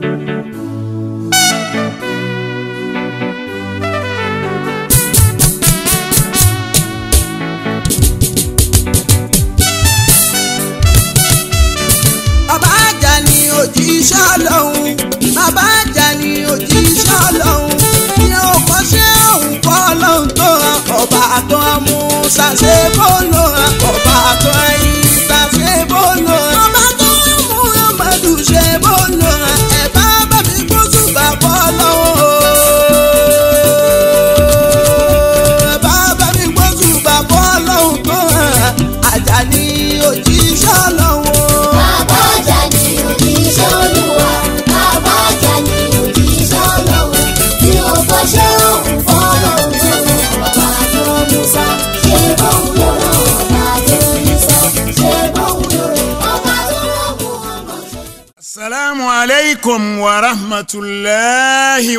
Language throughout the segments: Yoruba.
Thank you.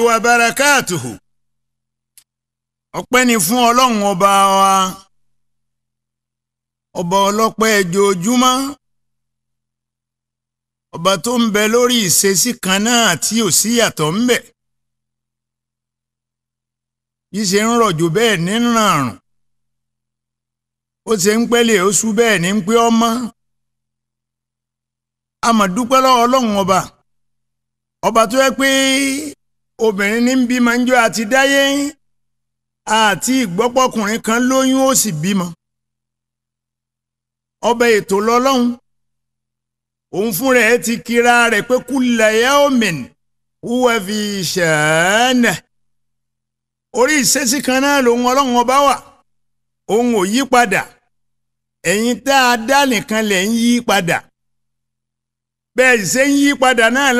wa barakatuhu ọpẹ́ ni fún ọlọ́run ọba wa ọba ọlọ́pẹ́ ẹjọ́júmọ́ ọba tó ń bẹ lórí ìṣesí kan náà tí ò sí yàtọ̀ ń bẹ bí ṣe ń rọ̀jò bẹ́ẹ̀ ní ràrùn ó ṣe ń pẹ́lẹ̀ oṣù bẹ́ẹ̀ ní pé ọmọ a mà dúpẹ́ ọlọ́run ọba ọba tó yẹ pé obìnrin ní bímọ ń jọ àti dáyé àti ìgbọ́pọ̀kùnrin kan lóyún ó sì bímọ ọba ètò lọ́lọ́run òun fún rẹ̀ ti kira rẹ̀ pé kúlẹ̀ yaomin wúwa fi ṣàánà orí ìṣesí kan náà lòun ọlọ́run ọba wà òun ò yí padà tá a dá nìkan lẹ̀ ń yí padà bẹ́ẹ̀ ṣe ń yí padà náà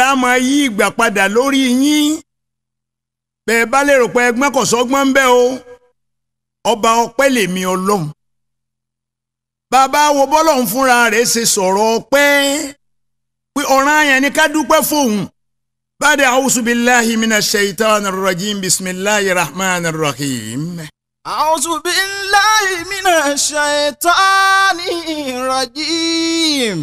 bẹ́ẹ̀ bá lérò pé ẹgbọ́n kò sọ́gbọ́n ń bẹ o ọba ọpẹ́ lèmi ọlọ́run bàbá wo bọ́lọ́run fúnra rẹ̀ ṣe sọ̀rọ̀ ọpẹ́ pé ọ̀ràn yẹn ni ká dúpẹ́ fóun bàdé a'udhu billahi minash shaitanir rajim bismillahir rahmanir rahim. a'udhu billahi minash shaitanir rajim.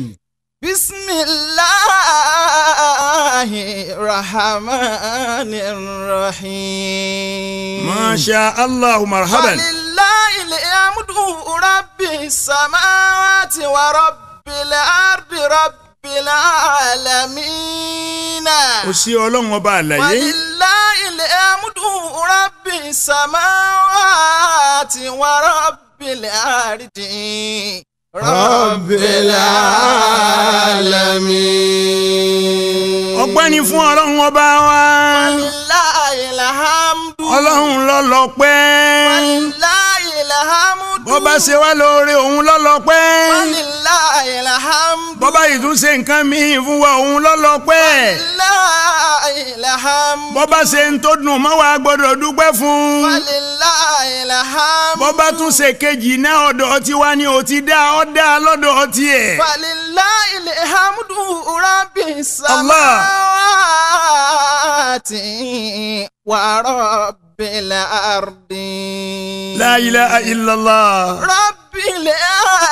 bisimilahi rahmani rahim. masha allahu marhaban. walilayi liyamudu rabbi samawati wa rabbi ardi rabbi alamina. kò sí ọlọ́run ọba àlàyé. walilayi liyamudu rabbi samawati wa rabbi ardi. Rabbil alamin. ọpẹ́ ni fún ọlọ́run ọba wa. wàlá ọlọ́run lọ́lọ́pẹ́. wàlá hamdu. bó ṣe wá lóore òun lọ́lọ́pẹ́. walillahil hamdu. bó bá ìtúnṣe nǹkan míì fún wa òun lọ́lọ́pẹ́. walillahil hamdu. bó ṣe ń tó dùn mọ́ wa gbọ́dọ̀ dúpẹ́ fún. walillahil hamdu. bó tún ṣe kejì náà ọ̀dọ̀ tiwa ni ò ti dá ọ́ dá lọ́dọ̀ tiẹ̀. walillahil hamdu rabbi samawati wa rabbil ardi. La ilaha illallah. Rabbil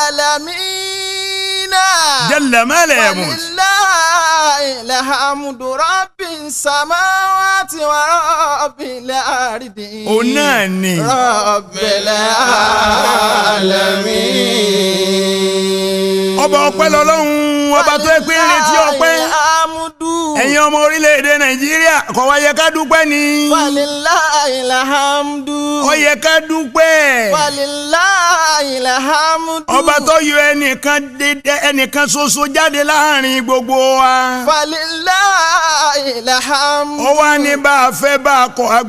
alamina. Jalla ma la yamut. Walillahi alhamdu rabbi samawati wa rabbil ardi. O náà ni. Rabbil alamin. Ọba ọpẹ́ lọ́lọ́run, ọba tó ẹ pé retí ọpẹ́ ẹ̀yin ọmọ orílẹ̀-èdè nàìjíríà kò wá yẹ ká dúpẹ́ ni. wàlíláì làhámdù. ó dúpẹ́. wàlíláì ilhamdu. ọba tó yọ ẹnìkan dédé ẹnìkan ṣoṣo jáde láàrin gbogbo wa. falillahi ilhamdu. ó wá ní bá a fẹ́ bá a kọ̀ a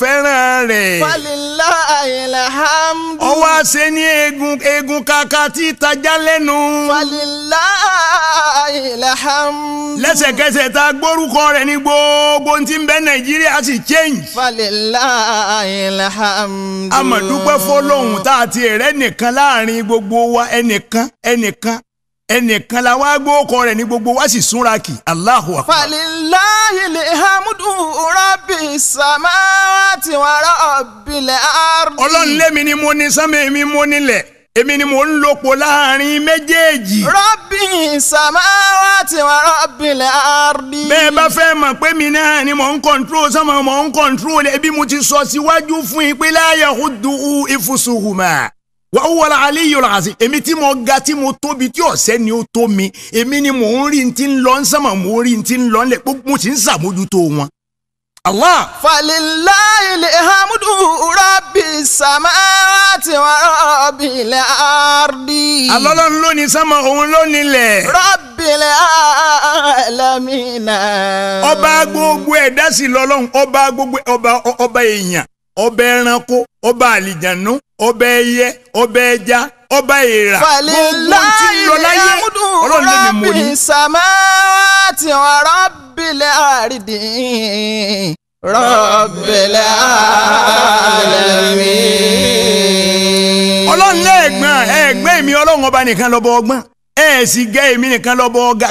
fẹ́ràn rẹ̀. falillahi ilhamdu. ó wá ṣe ní eegun eegun kaka tí tajà lẹ́nu. falillahi ilhamdu. lẹ́sẹ̀kẹsẹ̀ tá a gbórúkọ rẹ̀ ní gbogbo tí ń bẹ Nàìjíríà sì change. falillahi ilhamdu. a máa dúpẹ́ fọlọ́hún tá a ti rẹ́ nìkan ẹnìkan láàrin gbogbo wa ẹnìkan ẹnìkan ẹnìkan la wá gbóòkọ rẹ̀ ní gbogbo wa sì súnra kì Allahu akbar. falilahi lihamudu rabi samawati wa rabbil ardi. ọlọ́run lẹ́mi ni mo ní sánmi mi mo nílẹ̀ èmi ni mo ń lòpọ̀ láàrin méjèèjì. rabi samawati wa rabbil ardi. bẹ́ẹ̀ bá fẹ́ mọ̀ pé mi náà ni mò ń kọ̀ntró sánmọ̀ mò ń kọ̀ntró lẹ́bi mo ti sọ síwájú fún ìpínlẹ̀ ayahuddu ifusuhuma wàá wọlé alẹ́ yìí ọ̀la èmi tí mo ga tí mo tóbi tí ọ̀sẹ́ ni ó tó mi èmi ni mò ń rí ti ń lọ ń sánmà mò ń rí ti ń lọ ń lẹ̀ mo sì ń sàmójútó wọn. Allah. falilayi le hamudu rabi samawati wa rabi le ardi. alọ́lọ́run ló ní sánmà òun ló nílẹ̀. rabi le alamina. ọba gbogbo ẹ̀dá sí lọ́lọ́run ọba gbogbo ọba ọba èèyàn ọba ẹranko ọba àlìjànú ọba ẹyẹ ọba ẹja ọba èèrà gbogbo tí ń lọ láyé ọlọ́run ló ní ní. samawati wa rabbil ardi rabbil alamin. ọlọ́run lẹ́ẹ̀gbọ́n ẹ̀gbẹ́ mi ọlọ́run ọba nìkan lọ́bọ ọgbọ́n ẹ̀ sì gẹ́ èmi nìkan lọ́bọ ọgá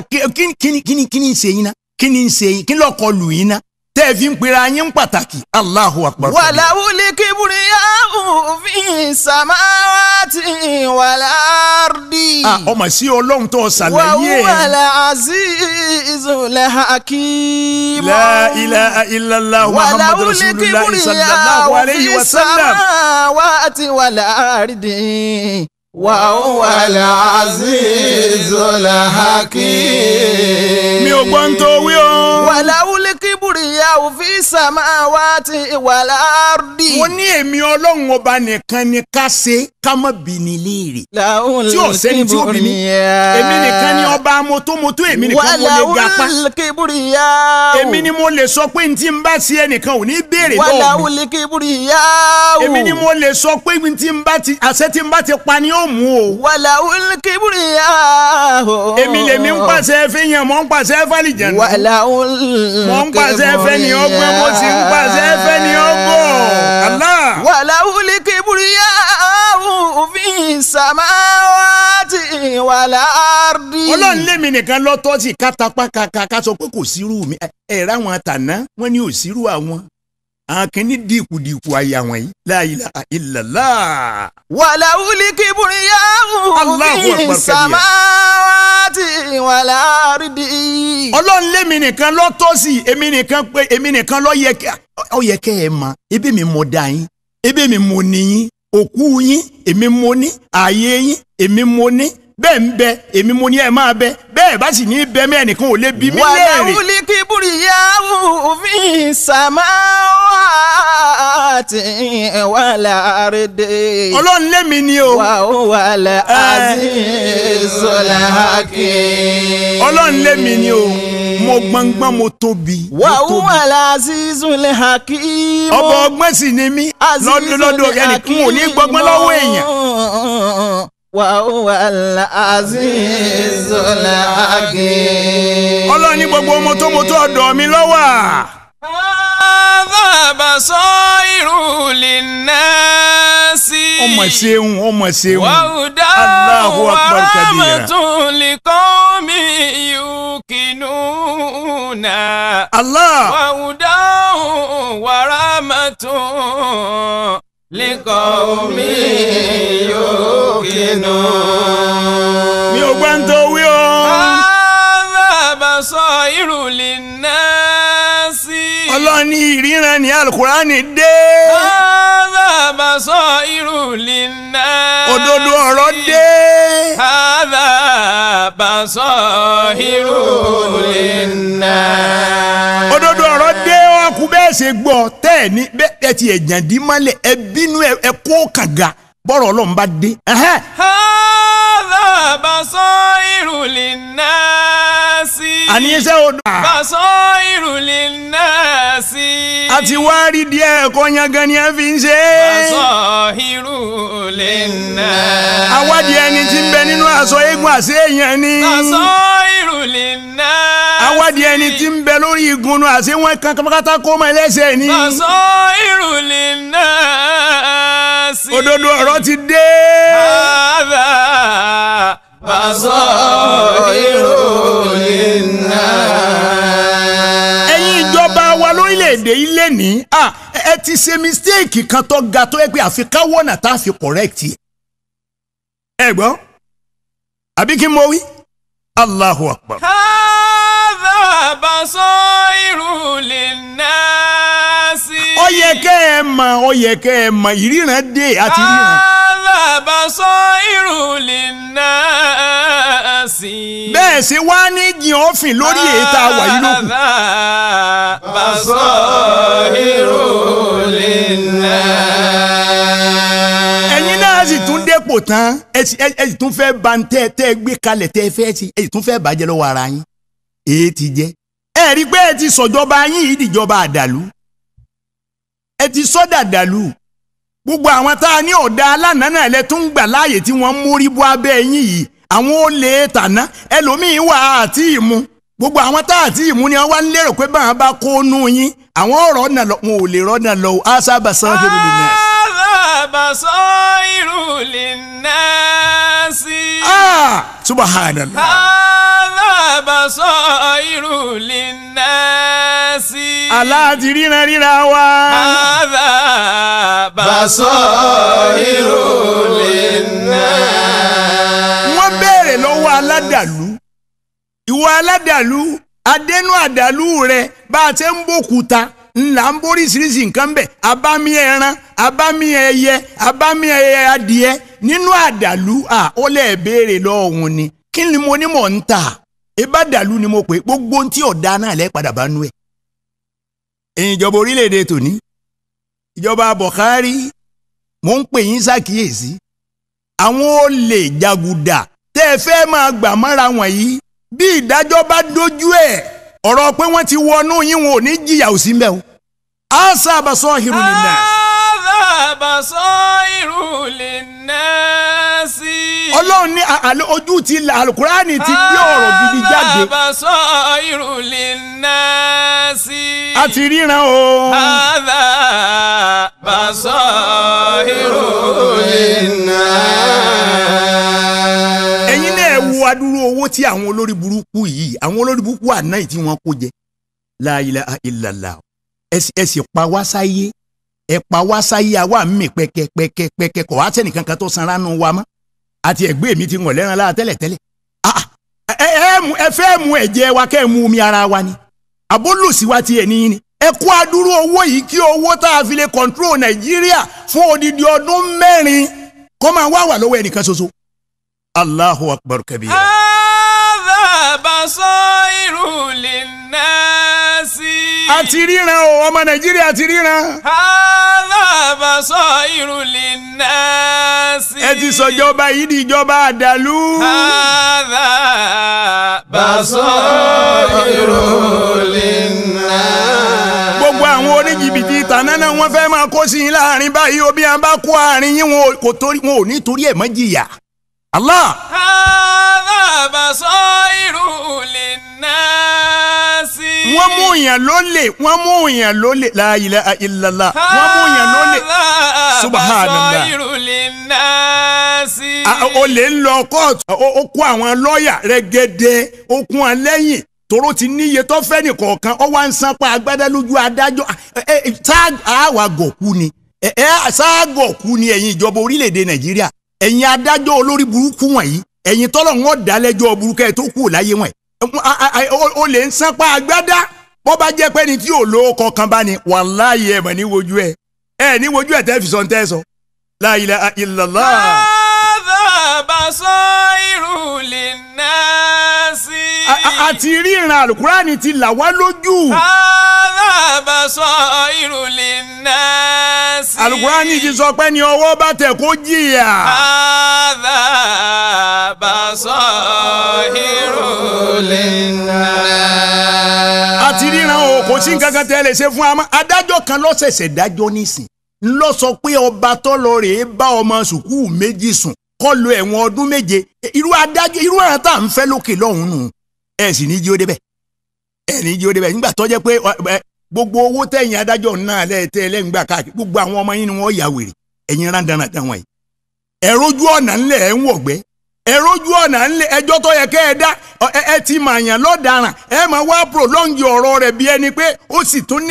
ń tẹ́ ẹ fi ń pera yín pàtàkì Allahu Akbar. wàláwùlì kíbùrì àwùfín sàmáwátì wàlárdì. a ọmọ sí ọlọ́run tó ṣàlàyé. wàhùwàlà azizul hakim. la ilaha illallah muhammadu rasulullah sallallahu alayhi wa sallam. wàláwùlì kíbùrì àwùfín sàmáwátì wàlárdì. وهو العزيز الحكيم. mi ò gbọ́ ń tó wí o. wàláwù kúrìyàwó fi sàmáwá ti wà láàrúdì. mo ní ọba nìkan ni ká ṣe kámọ́ bí ni léèrè. tí ò sẹ́ni tí ò bí mi èmi nìkan ni ọba motomoto èmi nìkan mo lè gapá. èmi ni mo lè sọ pé ntí n bá ti ẹnìkan ò ní béèrè lọ́wọ́ mi. èmi ni mo lè sọ pé ntí n bá ti àṣẹ tí n bá ti pa ni ó mú o. wàlà òlì kébùrì yá o. èmi lèmi ń pàṣẹ fẹ́ yẹn mọ̀ ń pàṣẹ fẹ́lì fẹ́ ni ọgbẹ́ mo sì ń pàṣẹ sàmáwáàtì wàlárì. ọlọ́run lémi nìkan lọ́tọ́ sí kátapá kàkà ká sọ pé kò sírú mi ẹ̀ ráwọn àtàná wọ́n ní ò sírú àwọn akínní dìkùdìkù àyà wọ̀nyí láìla ìlàlá. wàlà wuli kìbùrì yàwù bí sàmáwáàtì wàlárì. ọlọ́run lémi nìkan lọ́tọ́ sí èmi nìkan pé èmi nìkan ló yẹ kẹ́ ẹ mọ̀ ebi mi mo dá yín ebi mi mo ní yín òkú yín èmi mo ní ààyè yín èmi mo ní bẹ́ẹ̀ ń bẹ èmi mo ní ẹ máa bẹ bẹ́ẹ̀ bá sì ní bẹ mẹ́ẹ̀ nìkan ò lè bí mí léèrè. wàlá wuli kíburi òfin ọlọ́run lémi ni o. wà ó wàlá ọlọ́run lémi o mo gbọ́ngbọ́n mo tóbi. wà ó wàlá àzízọ́lá hàkì. ọba ọgbọ́n sì ni mí lọ́dún lọ́dún ẹnìkan وهو العزيز الحكيم ọlọ́run ní gbogbo mọ́tòmọ́tò ọ̀dọ̀ mi ló wà. هذا بصائر للناس ọmọ ṣeun ọmọ ṣeun وهدى ورحمة لقوم يوقنون الله وهدى ورحمة líkọ̀ omi yóò kinu. mi ò gbọ́ ń tó wí o. ọ̀rọ̀ àṣọ ìrùlé náà sí. ọlọ́run ní ìríran ní alukurani dé. ọ̀rọ̀ àṣọ ìrùlé náà sí. òdodo ọ̀rọ̀ dé. ọ̀rọ̀ àṣọ ìrùlé náà ṣe gbọ́ tẹ́ ẹ̀ ní bẹ́ẹ̀ ẹ ti ẹ̀jàn dín mọ́lẹ̀ ẹ bínú ẹ kó kàga bọ́rọ̀ ọlọ́run bá dé basairu linnasi. àní iṣẹ́ odò. basairu linnasi. a ti wá rí díẹ̀ ẹ̀kọ́ yangan ni ẹ fi ń ṣe. basairu linnasi. awádìí ẹni tí ń bẹ nínú aṣọ eégún àṣẹ èèyàn ni. basairu linnasi. awádìí ẹni tí ń bẹ lórí igunnu àṣẹ wọn kan kápákátá kó mọ ẹlẹ́sẹ̀ ni. basairu linnasi. òdodo ọ̀rọ̀ ti dé. basairu linnas. ẹ̀yin ìjọba wa lórílẹ̀‐èdè yìí lẹ́nìí ẹ ti ṣe mistake kan tó ga tó tá a fi correct yẹ. ẹ gbọ́ àbí kí n mọ wí Allahu akbar. yẹ kẹ́ ẹ mọ̀ ọ yẹ kẹ́ ẹ mọ̀ ìríran dé àti ríran. alábà sọ irun lè ná a sí. bẹ́ẹ̀ ṣe wá ní jìn ọ́fìn lórí ètò àwà yìí lókun. alábà sọ irun lè ná a sí. ẹ̀yin náà sì tún dépò tán ẹ sì tún fẹ́ ba tẹ́ ẹ gbé kalẹ̀ tẹ́ fẹ́ sí ẹ tún fẹ́ bàjẹ́ lọ́wọ́ ara yín èyí ti jẹ́ ẹ rí i pé ẹ ti sọ̀jọba yín ìdìjọba àdàlú ẹ ti sọ́dà dàlú gbogbo àwọn tá a ní ọ̀dà alánà náà lẹ ń gbà láàyè tí wọ́n ń mórí bọ́ abẹ́ yín yìí àwọn ó lè tàná ẹlòmíín wà àti ìmú gbogbo àwọn tá àti ìmú ni wọ́n wá ń lérò pé báwọn bá kó nú yín àwọn ọ̀rọ̀ ò lè abasairu linnasi. Ah, subhanallah. hadha abasairu linnasi. aláàtì ríran ríra wa. hadha abasairu linnasi. wọ́n béèrè lọ́wọ́ aládàlú ìwọ aládàlú adẹnu àdàlú rẹ bá a ti ń bòkúta ńlá ń bóríṣiríṣi nǹkan bẹ abámi ẹran abámi ẹyẹ abámi ẹyẹ adìẹ nínú àdàlú à ó lẹ̀ béèrè lọ́wọ́ òun ni kí ni mo ní mọ̀ ń tà ìbádàlú ni mo pè gbogbo ohun tí ọ̀dà náà lẹ́ padà bá nú ẹ̀. ẹ̀yin ìjọba orílẹ̀-èdè tòní ìjọba Buhari mo ń pè yín ṣàkíyèsí àwọn olè jàgùdà tẹ́ ẹ fẹ́ máa gbà mọ́ra wọ̀nyí bí ìdájọ́ bá dojú ẹ̀ ọ̀rọ̀ pé wọ́n ti wọnú yín wọn ò ní jìyà òsínbẹ́ o. a sábà sọ ìrùnìyàn abasairu linnasi. ọlọ́run ní ojú ti alukurani ti gbé ọ̀rọ̀ gidi jáde. abasairu linnasi. a ti ríran o. hadha basairu linnasi. ẹ̀yin náà owó tí àwọn olórí burúkú yìí àwọn olórí burúkú àná yìí tí wọ́n kó jẹ la ilaha illallah ẹ̀sìn pa wá sáyé ẹ̀pà wá sáyé àwa mi pẹ̀kẹ̀pẹ̀kẹ̀pẹ̀kẹ̀ kọ̀ wá sẹ́nìkan kan tó sanra nù wa mọ́ àti ẹ̀gbẹ́ mi ti wọ̀n lẹ́ran lára tẹ́lẹ̀tẹ́lẹ̀ ah, ah, ẹ fẹ́ mu ẹ̀jẹ̀ wa kẹ́ ẹ mu omi ara wa ni àbólòsí wa ti ẹ̀ní ni ẹ kó adúrú owó yìí kí owó tá a fi lè kọ̀ǹtró Nàìjíríà fún odidi ọdún mẹ́rin kó máa wá wà lọ́wọ́ ẹnìkan ṣoṣo. Allahu akbar kabira. Hadha basairu linnasi. A ti ríran o, ọmọ Nàìjíríà ti ríran basairu linnasi. ẹ ti sọ ìjọba yìí di ìjọba àdàlú. hadha basairu linnasi. gbogbo àwọn oníjìbìtì tànà náà fẹ́ máa kó sí i láàrin báyìí obi à kó àárín yín wọn ò ní torí ẹ̀ mọ́ jìyà. Allah. hadha basairu linnasi wọ́n mú yàn lólè wọ́n mú yàn lólè la ilaha illallah wọ́n mú yàn lólè subhanallah. o lè ń lọ kóòtù ó kó àwọn lọ́ọ̀yà rẹ́gẹ́dẹ́ ó kún ọ lẹ́yìn tòró ti níye tó fẹ́ nìkọ̀ọ̀kan ọ wá ń sanpa agbádá lójú adájọ́ àwa gọ̀kú ni ságọ̀kú ni ẹ̀yin ìjọba orílẹ̀-èdè nàìjíríà ẹ̀yin adájọ́ olórí burúkú wọ̀nyí ẹ̀yin tọ́lọ̀ ń wọ́n dálẹ́jọ́ burúkú ẹ̀ tó kù láyé wọ̀nyí o lè ń sanpa agbádá bó bá jẹ́ pé ni tí ò lówó kankan bá ni wàláyé ẹ̀ mọ̀ ní wojú ẹ̀ ẹ̀ ní wojú ẹ̀ tẹ́ fi sọ ń tẹ́ sọ la ilaha illallah. hadha basairu linnasi àti ríran alukurani ti là wá lójú. alábàṣọ ìrùlé náà sí. alukurani ti sọ pé ní ọwọ́ bá tẹ̀ kó jìyà. alábàṣọ ìrùlé náà. àti ríran o kò sí nǹkan kan tẹ́ lè ṣe fún wa adájọ́ kan lọ́sẹ̀sẹ̀ dájọ́ nísìn ńlọ sọ pé ọba tọ́lọ rèé bá ọmọ sùkúù méjì sùn kọ́ lo ọdún méje irú adájọ́ irú ẹ̀ràn ń fẹ́ lókè lọ́hùn ẹ sì ní jí ó débẹ̀ ẹ ní jí ó débẹ̀ nígbà tó pé gbogbo owó tẹ̀yìn adájọ́ náà lẹ́ẹ̀tẹ́ lẹ́ǹgbà káàkiri gbogbo àwọn ọmọ yín ni wọ́n yà wèrè ẹ̀yin rándánà táwọn yìí ẹ e ọ̀nà ńlẹ̀ ẹ̀ ń wọ̀gbẹ́ ẹ rójú ọ̀nà ńlẹ̀ ti mà yàn lọ́daràn ẹ mà wá prolonge ọ̀rọ̀ rẹ̀ bí ẹni pé ó sì tún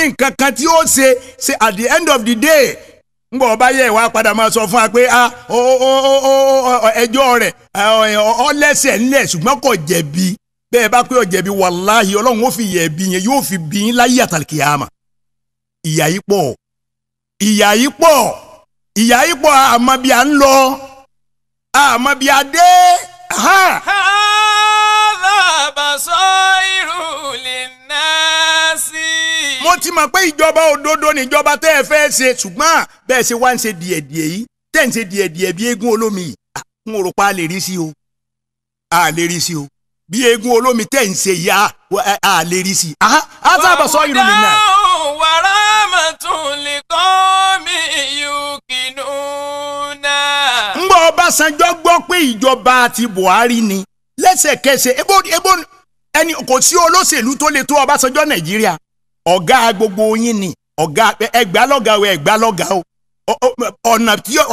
at the end of the day ọba yẹ ìwà padà máa sọ fún wa pé ah, ẹjọ́ rẹ̀ ńlẹ̀ ṣùgbọ́n kò jẹ̀bi bẹ́ẹ̀ bá pé ọ̀jẹ̀bi wàláhì ọlọ́run ó fi yẹ̀ ẹ̀bi yẹn yóò fi bí yín láyé àtàlìkìyàmà ìyà yìí pọ̀ ìyà yìí pọ̀ ìyà yìí pọ̀ àmọ́ bí a ń lọ àmọ́ bí a dé. hādhā baṣā'iru linnāsi. mo ti mọ̀ pé ìjọba òdodo níjọba tẹ́ ẹ fẹ́ ṣe ṣùgbọ́n bẹ́ẹ̀ ṣe wá ń ṣe díẹ̀díẹ̀ yìí tẹ́ ń ṣe díẹ̀díẹ̀ bí eégún olómi yìí n ò rò pa a lè rí sí o a rí sí o. bí eégún olómi tẹ̀ ń ṣe ya a lè rí sí i. azábọ̀ sọ irun mi náà. wàrà màtún lè kọ́ mi yùkínú náà. ń bọ̀ Ọbásanjọ́ gbọ pé ìjọba ti Buhari ni lẹ́sẹ̀kẹsẹ̀ ebo ebo ẹni kò sí olóṣèlú tó lè tó Ọbásanjọ́ Nàìjíríà ọ̀gá gbogbo yín ni ọ̀gá ẹgbàá lọ́gàá o ẹgbàá lọ́gàá o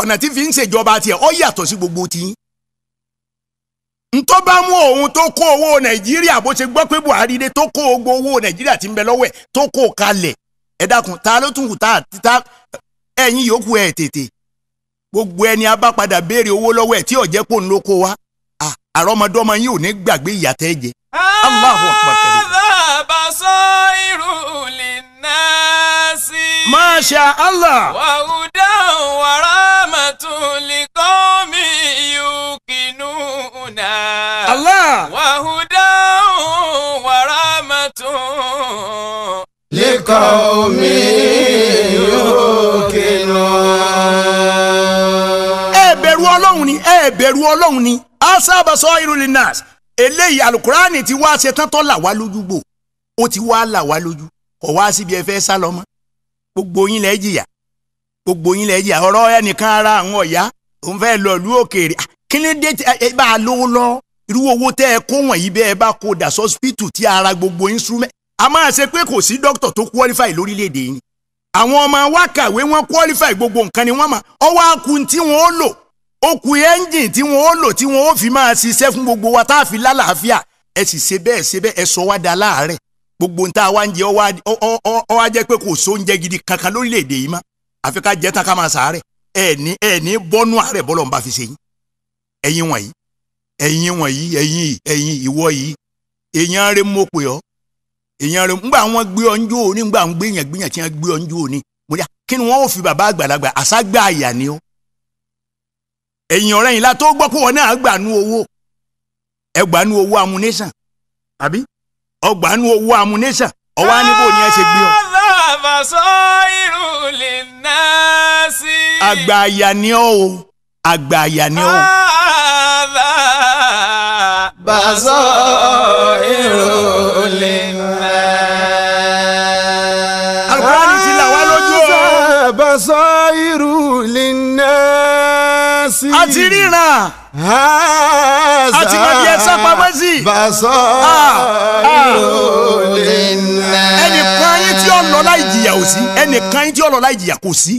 ọ̀nà tí fi ń ṣèjọba tiẹ̀ ó yàtọ̀ sí gbogbo tiyín ntọ́ bá mú òun tó kó owó nàìjíríà bó ṣe gbọ́ pé buhari dé tó kó owó nàìjíríà ti ń bẹ lọ́wọ́ ẹ̀ tó kó kalẹ̀ ẹ dákun ta ló tún kù tá yòókù ẹ̀ tètè gbogbo ẹni a béèrè owó lọ́wọ́ ẹ̀ tí ọ̀jẹ́ ń ló kó wa àrọ́mọdọ́mọ yìí ò ní gbàgbé jẹ. Allah. wàrà màtún lè kọ́ mi. وهدى ورحمة ọlọ́run ni ẹ ọlọ́run ni asábàṣọ irun eléyìí alukurani ti wá ṣetán tó là wá lójú gbò ti wá là wá lójú kò wá síbi ẹ fẹ́ sá lọ mọ́ gbogbo yín lẹ́ jìyà gbogbo yín lẹ́ jìyà ọ̀rọ̀ ẹnìkan ara àwọn ọ̀yá òun fẹ́ lọ òkèèrè ah, kí ni dé bá a lówó irú owó tẹ́ ẹ kó wọ̀nyí bẹ́ ẹ bá kó dà sọ́sìpìtù tí ara gbogbo instrument a máa ṣe pé kò sí dókítà tó qualify lórílẹ̀‐èdè yìí àwọn ọmọ wa kàwé wọn qualify gbogbo nǹkan ni wọ́n mà ọwọ́ akun tí wọ́n ó lò okùn ẹ́ńjìn tí wọ́n ó lò tí wọ́n ó fi máa ṣiṣẹ́ fún gbogbo wa tá a fi lálàáfíà ẹ sì ṣe bẹ́ẹ̀ ṣe bẹ́ẹ̀ ẹ sọ wá da láàárẹ̀ gbogbo ń tá ń jẹ ọ wá jẹ́ pé kò sóúnjẹ gidi kankan lórílẹ̀ yìí mọ́ àfi ká jẹ́ tán ká máa sàárẹ̀ ẹ̀ ní ẹ̀ ní bọ́nú àárẹ̀ bọ́lọ̀ ń bá fi ṣe yín ẹ̀yin wọ̀nyí ẹ̀yin wọ̀nyí ẹ̀yin ẹ̀yin ìwọ yìí èèyàn rẹ mo pè ọ́ èèyàn rẹ ńgbà wọn gbé ọ njó òní ńgbà wọn gbéyàn gbéyàn tí gbé ọ njó òní mo ní kí ni wọn ò fi bàbá àgbàlagbà àságbà àyà ni ó ẹ̀yin ọ̀rẹ́ yìí la tó pé wọn náà gbà nu owó ẹ nu owó amúnésàn àbí ọgbà nu owó amúnésàn ọwọ́ aníbò ni ẹ ṣe gbé ọ. àbàṣọ irú lè ná sí. àgbà àyà ni ó àgbà àyà ni ó. هذا بصائر للناس القرآن ti là wá lójú o. بصائر للناس. a ti ríran. a ti mọ bí ẹ sá pamọ́ sí. بصائر للناس. Ah, ah. ẹnìkan yín tí ó lọ láì jìyà kò sí ẹnìkan yín tí ó lọ láì jìyà kò sí.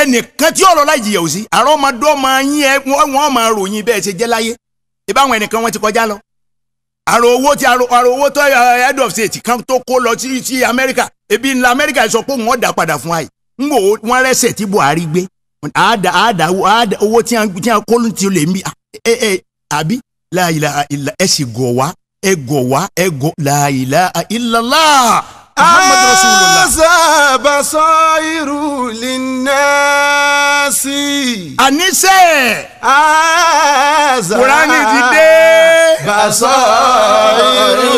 ẹnìkan tí ọ̀rọ̀ láì jìyà ò sí àrọ́ ọmọdé ọmọ yín ẹ wọ́n máa ròyìn bẹ́ẹ̀ ṣe jẹ́ láyé ìbáwọn ẹnìkan wọn ti kọjá lọ àrò owó tí àrò owó tó head of state kan tó kó lọ sí ebi ńlá Amẹ́ríkà sọ pé wọ́n dà padà fún àyè ń wò Buhari gbé owó tí wọ́n kó ti lè mí ẹ ẹ àbí ẹ muhammad rasulullah. aza basairu linnasi. àníṣe. aza kurani ti dé. basairu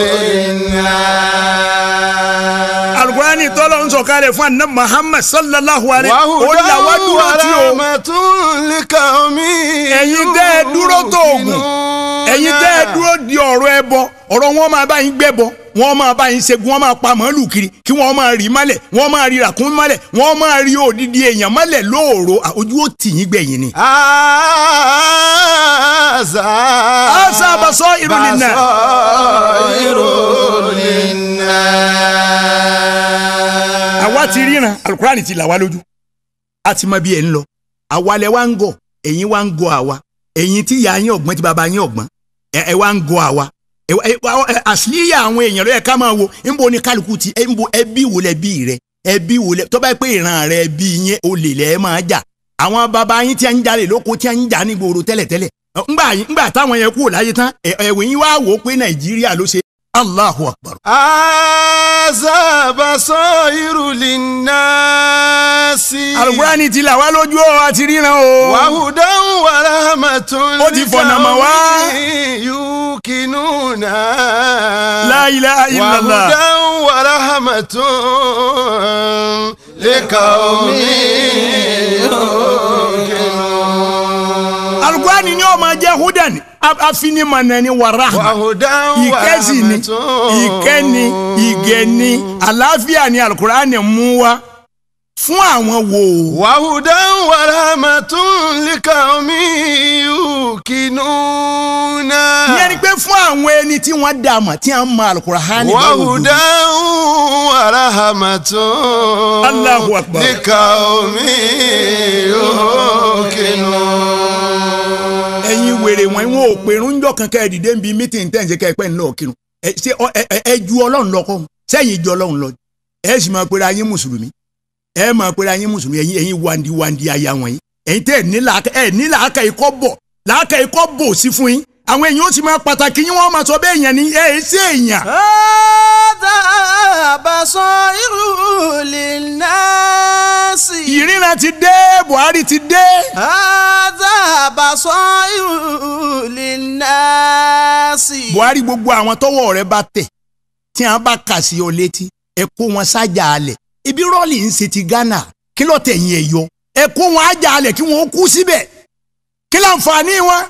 linnasi. alukurani tọ́lọ̀ ń sọ̀kalẹ̀ fún anabi muhammad sallallahu alayhi wa sallam. wàhùn dúró tí o. rahmatun likaomi. ẹ̀yin tẹ́ ẹ dúró tó oògùn ẹ̀yin tẹ́ ẹ dúró di ọ̀rọ̀ ẹbọ ọ̀rọ̀ wọn máa bá yín gbẹ́bọ wọ́n máa bá yín ṣẹ́gun wọ́n máa pa màálù kiri kí wọ́n máa rí mọ́lẹ̀ wọ́n máa rí ràkún mọ́lẹ̀ wọ́n máa rí òdìdí èèyàn mọ́lẹ̀ lóòrò ojú ó tì yín gbẹ̀yìn ni. àṣà àṣà bàṣọ ìròyìn náà. bàṣọ ìròyìn náà. àwa ti ríran alukurani ti là wá lójú a ti mọ bí ẹ ń lọ àwa lẹ ń gọ ẹ̀yin wá ń gọ àwa ẹ̀yin tí ìyá yín ọ̀gbọ́n tí bàbá yín ọ̀gbọ́n ẹ wá ń gọ àwa àṣírí eh, àwọn èèyàn ló ká máa wo nbo ni kálukú ti eh, nbo ẹbí wo lẹbí rẹ ẹbí wo lẹ tó pé ìran rẹ bí yẹn baba yín tí a ń jalè lóko tí a ń jà ní gbòòrò tẹ́lẹ̀tẹ́lẹ̀ ńgbà táwọn yẹn kúrò láyé tán ẹ̀wẹ̀ yín wá wò ó Allahu akbar. Azaba sọ irulì náà sí. Àlùkùránì ti là wá lójú ọ àti ríran o. Wàhùdán wa rahmatun. Ó ti fọ̀nà mọ̀ wá. Yukinuna. La ilaha illallah. Wàhùdán wa rahmatun. Liqawmi yukinun. Àlùkùránì ni ó máa jẹ́ húdàn afinimọ̀nà ni wàrà ìkẹ́sì ni ìkẹ́ni ìgẹ̀ni àlàáfíà ni alukurani mú wa fún àwọn wo. wàhùdán wàràmàtún líka omi yùkínúnà. ìyẹn ni pé fún àwọn ẹni tí wọ́n dà mọ̀ tí wọ́n mọ alukurahani. wàhùdán wàràmàtún. Allahu líka omi yùkínúnà wèrè wọn ìwọ̀n òpèrún ńjọ́ kankan ẹ̀ dìde ń bi mítìn tẹ̀ ń ṣe kẹ́ẹ̀pẹ́ ńlọ kírun ṣé ẹ ju ọlọ́run lọ kọ́ sẹ́yìn ju ọlọ́run lọ ẹ sì máa pera yín mùsùlùmí ẹ máa pera yín mùsùlùmí ẹ̀yin ẹ̀yin wandi wandi aya wọ̀nyí ẹ̀yin tẹ́ ẹ̀ ní làákà ikọ́ bọ̀ làákà ikọ́ bọ̀ sí fún yín àwọn èèyàn ó ti máa pàtàkì yín wọ́n máa sọ bẹ́ẹ̀ yẹn ni ẹ ẹ sí èèyàn. ọ̀dà àbàṣọ irú lè ná sí. ìríran ti dé Buhari ti dé. ọ̀dà àbàṣọ irú lè ná sí. Buhari gbogbo àwọn tọ́wọ́ rẹ̀ bá tẹ̀ tí a bá kà sí ọ létí ẹ kó wọn sájà alẹ̀ ibi rọọlì ń ṣe ti Ghana kí ló tẹ̀yìn ẹ̀ yọ ẹ kó wọn ájà alẹ̀ kí wọn kú síbẹ̀ kí láǹfààní wọn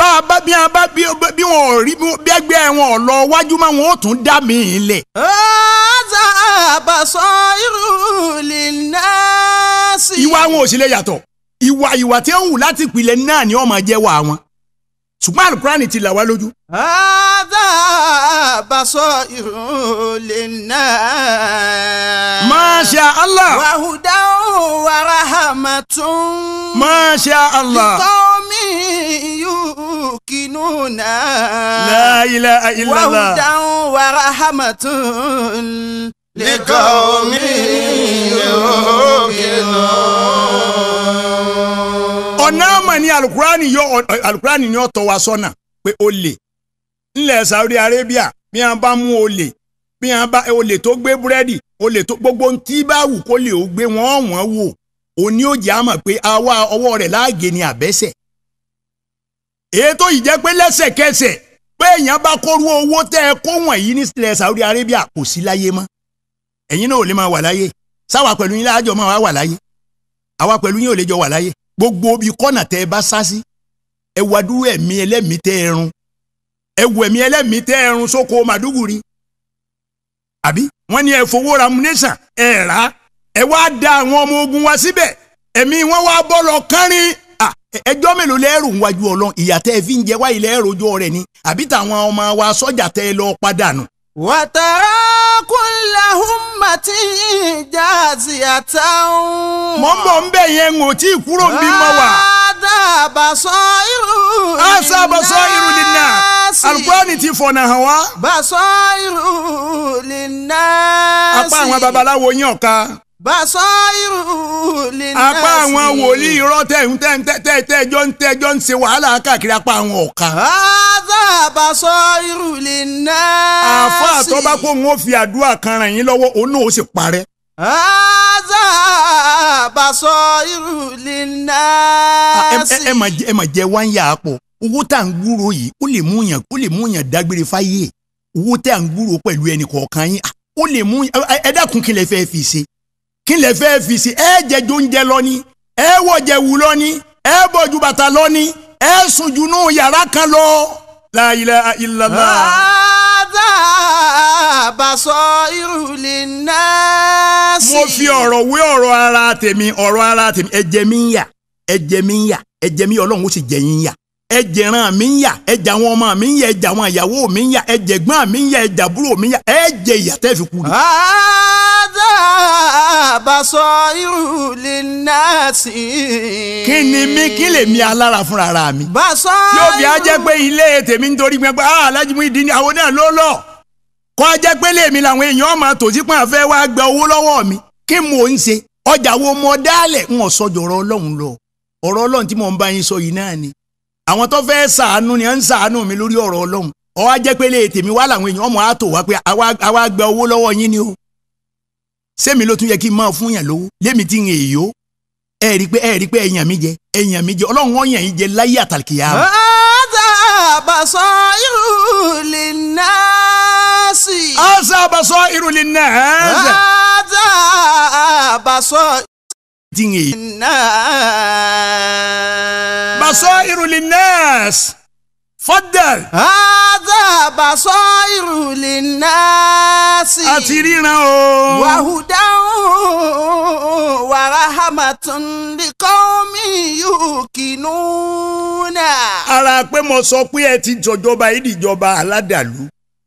bá a bá bí a bá bí wọn ò rí bí ẹgbẹ́ wọn ò lọ wájú máa wọn ò tún dá mi lẹ̀. ọ̀ọ́dà àbàṣọ irú lè náà sí. ìwà wọn ò sì yàtọ̀ ìwà ìwà tí ó wù láti ìpìlẹ̀ náà ni ọmọ jẹ́ wà wọn ṣùgbọ́n alukurani ti là wá lójú. ọ̀ọ́dà àbàṣọ irú lè náà. Masha Allah. wàhùdà wàrà hàmà tún. Masha Allah. ìtọ́ يوقنونا لا إله ọ̀nà àmà ni alukurani yọ alukurani ni ó wa sọ́nà pé olè ńlẹ̀ Saudi Arabia bí wọ́n bá mú olè bí wọ́n bá tó gbé búrẹ́dì olè tó gbogbo tí bá wù kó lè ó gbé wọn wọn wò ní ó jẹ́ àmọ̀ pé àwa ọwọ́ rẹ̀ láàgé ni àbẹ́sẹ̀ ètò yìí jẹ́ pé lẹ́sẹ̀kẹsẹ̀ pé èèyàn bá kórú owó tẹ́ ẹ kó wọ̀nyí nílẹ̀ Saudi Arabia kò sí láyé mọ́ ẹ̀yin náà ò lè máa wà láyé sáwà pẹ̀lú yín láàjọ máa wà láyé àwa pẹ̀lú yín ò lè jọ wà láyé gbogbo ibi kọ́nà tẹ́ ẹ bá sá sí ẹ wá dúró ẹ̀mí ẹlẹ́mìí tẹ́ ẹ run ẹ wù ẹ̀mí ẹlẹ́mìí tẹ́ ẹ run sóko Màdúgùrí àbí wọ́n ní ẹ fowó ra amúnésàn ẹ rà ẹ wá da àwọn ọmọ ogun wa síbẹ̀ ẹ̀mí wọn wá bọ́ lọ kánrin ẹjọ́ mélòó lẹ́rù wájú ọlọ́run ìyà tẹ́ fi ń jẹ wáyé lẹ́rù ojú ọ̀rẹ́ ni àbí ọmọ wa sọ́jà tẹ́ ẹ lọ pàdánù. wàtàrà yẹn ń tí ì ń bí ti hàn wá. apá àwọn babaláwo yín ọ̀ka. bàṣọ irú lè ní àṣì. apá àwọn wòlíì irọ́ tẹ̀hún tẹ́jọ́ ń tẹ́jọ́ ń ṣe wàhálà káàkiri apá àwọn ọ̀ka. ọ̀dà bàṣọ irú lè ní àṣì. àfa àtọ́ba kó wọn fi àdúrà kan ràn yín lọ́wọ́ òun náà ó sì parẹ́. ọ̀dà bàṣọ irú lè ní àṣì. ẹ mà jẹ wáyà àpò owó tá à ń gbúrò yìí ó lè mú yàn ó lè mú yàn dágbére fáyé owó tá à ń gbúrò pẹ̀lú ẹnì kọ̀ọ̀kan yín ah, ó lè mú ẹ dákun kí lẹ fẹ́ fi ṣe kí lè fẹ́ fi sí ẹ jẹjú oúnjẹ lọ ẹ wọ̀jẹ̀ wù lọ ẹ bọ̀jú bàtà lọ ẹ sùnjúnú yàrá kan lọ. la ilaha illallah. hadha basairu linnasi. mo fi ọ̀rọ̀ wé ọ̀rọ̀ ara tèmi ọ̀rọ̀ ara tèmi ẹ̀jẹ̀ mi ń yà ẹ̀jẹ̀ mi ń yà ẹ̀jẹ̀ mi ọlọ́run ó sì jẹ̀ yín yà ẹ̀jẹ̀ mi ń yà ẹ̀jẹ̀ àwọn ọmọ mi ń yà ẹ̀jẹ̀ àwọn ìyàwó mi ń yà ẹ̀jẹ̀ gbọ́n mi ń yà ẹ̀jẹ̀ àbúrò mi ń yà ẹ̀jẹ̀ ìyà fi kú ni. ذا بصائر للناس. kí ni mí kí lè mi alára fúnra ra mi. bàṣọ. yóò fi ajẹ́ pé ilé tèmi ń torí ala ah, alájú mi dín ní àwọn náà ló lọ. kọ́ ajẹ́ pé lèmi làwọn èèyàn máa tòsí pọ́n àfẹ́ wá gba mi kí mo ń ṣe ọjà wo mo dálẹ̀ ń sọjọ ọrọ Ọlọ́run lọ tí mo ń bá yín sọ yìí náà ni àwọn tó fẹ́ mi lórí ọrọ jẹ́ pé lè tèmi wá làwọn èèyàn ọmọ àtò wá pé àwa gba owó lọ́wọ́ ni o sẹ́mi ló tún yẹ kí n máa fún yàn lówó lémi tí ń èyó ẹ rí i pé ẹ rí i pé ẹ̀yàn mi jẹ ẹ̀yàn mi jẹ ọlọ́run wọn yàn yín jẹ láyé àtàlùkìyà. ọ̀sà àbàṣọ ìrùlé nọ́ọ̀sì. ọ̀sà àbàṣọ ìrùlé nọ́ọ̀sì. ọ̀sà àbàṣọ ìrùlé nọ́ọ̀sì. Fọ́dẹ̀l. Ádá bàṣọ ìrùlé náà sí. A ti ríran o. Wàhùdáhùn wàrà hàmàtún ní Ara pé mo sọ pé ẹ ti jọjọba yìí dìjọba aládàlú.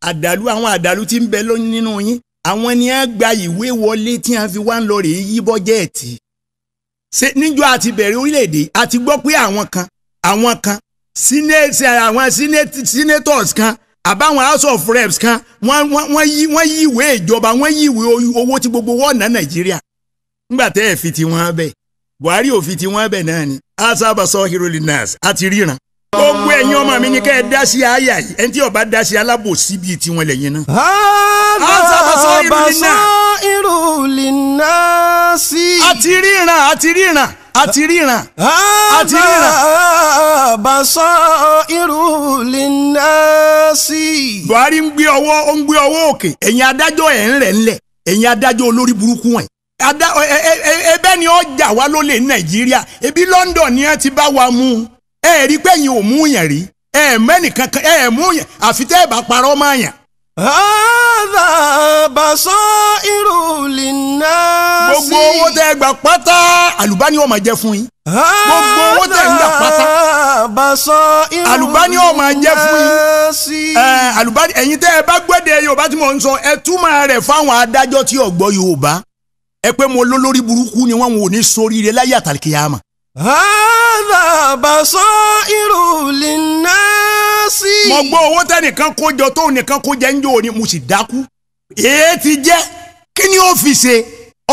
Àdàlú àwọn àdàlú ti ń bẹ lóyún nínú yín. Àwọn ni a gba ìwé wọlé tí a fi wá ń lọ rèé yí bọ́jẹ́ẹ̀tì. Ṣé níjọ́ àti bẹ̀rẹ̀ orílẹ̀-èdè a gbọ́ pé àwọn kan àwọn kan senate eh, àwọn senators kan àbáwọn house of reps kan wọ́n yí wọ́n yí ìwé ìjọba wọ́n yí ìwé owó tí gbogbo wọ́n ná nàìjíríà nígbà tẹ́ ẹ̀ fi ti wọ́n bẹ̀ buhari ò fi ti wọ́n bẹ̀ náà ni asabasọ hiroli nurse àti ríran. gbogbo ẹ̀yin ọmọ mi ni kẹ́ ẹ dá sí àyà yìí ẹni tí ó dá sí alábòsí bíi tiwọn lẹ́yìn náà. asabasọ hiroli nurse irú lìnà sí. a ti ríran a ti ríran a ti ríran a ti ríran. àbàṣọ irú lìnà sí. Buhari ń gbé ọwọ́ ó ń gbé ọwọ́ òkè ẹ̀yin adájọ́ ẹ̀ ń rẹ̀ ńlẹ̀ ẹ̀yin adájọ́ olórí burúkú ẹ̀ ẹbẹ́ ni ó jà wá lólè ní Nàìjíríà ebi London ni ẹ ti bá wa mú ẹ rí pé ẹ̀yin ò mú yẹn rí ẹ mẹ́nìkan ẹ mú yẹn àfi ẹ bá parọ́ máa yàn. Hádà bàṣọ́ ìrùlì náà sí. Gbogbo owó tẹ gbà pátá àlùbáni ó máa jẹ fún yín. Gbogbo owó tẹ gbà pátá. Bàṣọ́ ìrùlì náà sí. Àlùbáni ó máa jẹ fún yín. Àlùbáni ẹ̀yin tẹ́ ẹ bá gbẹ́dẹ̀ Yorùbá tí mò ń sọ ẹ túmọ̀ rẹ̀ fáwọn adájọ́ tí ò Yorùbá. Ẹ pé mo lólórí burúkú ni wọ́n ò ní soríire láyé àtàlìkìyàmà. Hádà bàṣọ́ ìrùlì náà mercy. mo gbọ́ owó tẹ́nìkan kó jọ tóun nìkan kó jẹ́ ń jò mo sì dákú. èé ti jẹ́ kí ni ó fi ṣe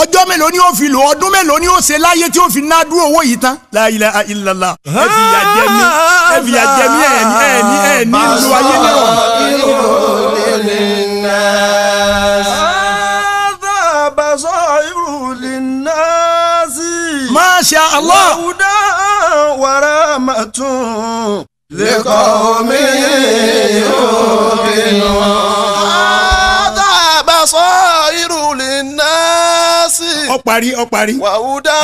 ọjọ́ mélòó ni ó fi lò ọdún mélòó ni ó ṣe láyé tí ó fi ná dúró owó yìí tán. la ilaha illallah ẹ fi yà jẹ mí ẹ fi yà jẹ mí ẹ ní ẹ ní ẹ ní ìlú ayé náà. Masha Allah lẹ́kọ̀ omi òbí wọn. tá a bá sọ irú lè ná sí. ọ parí ọ parí. wàhùdà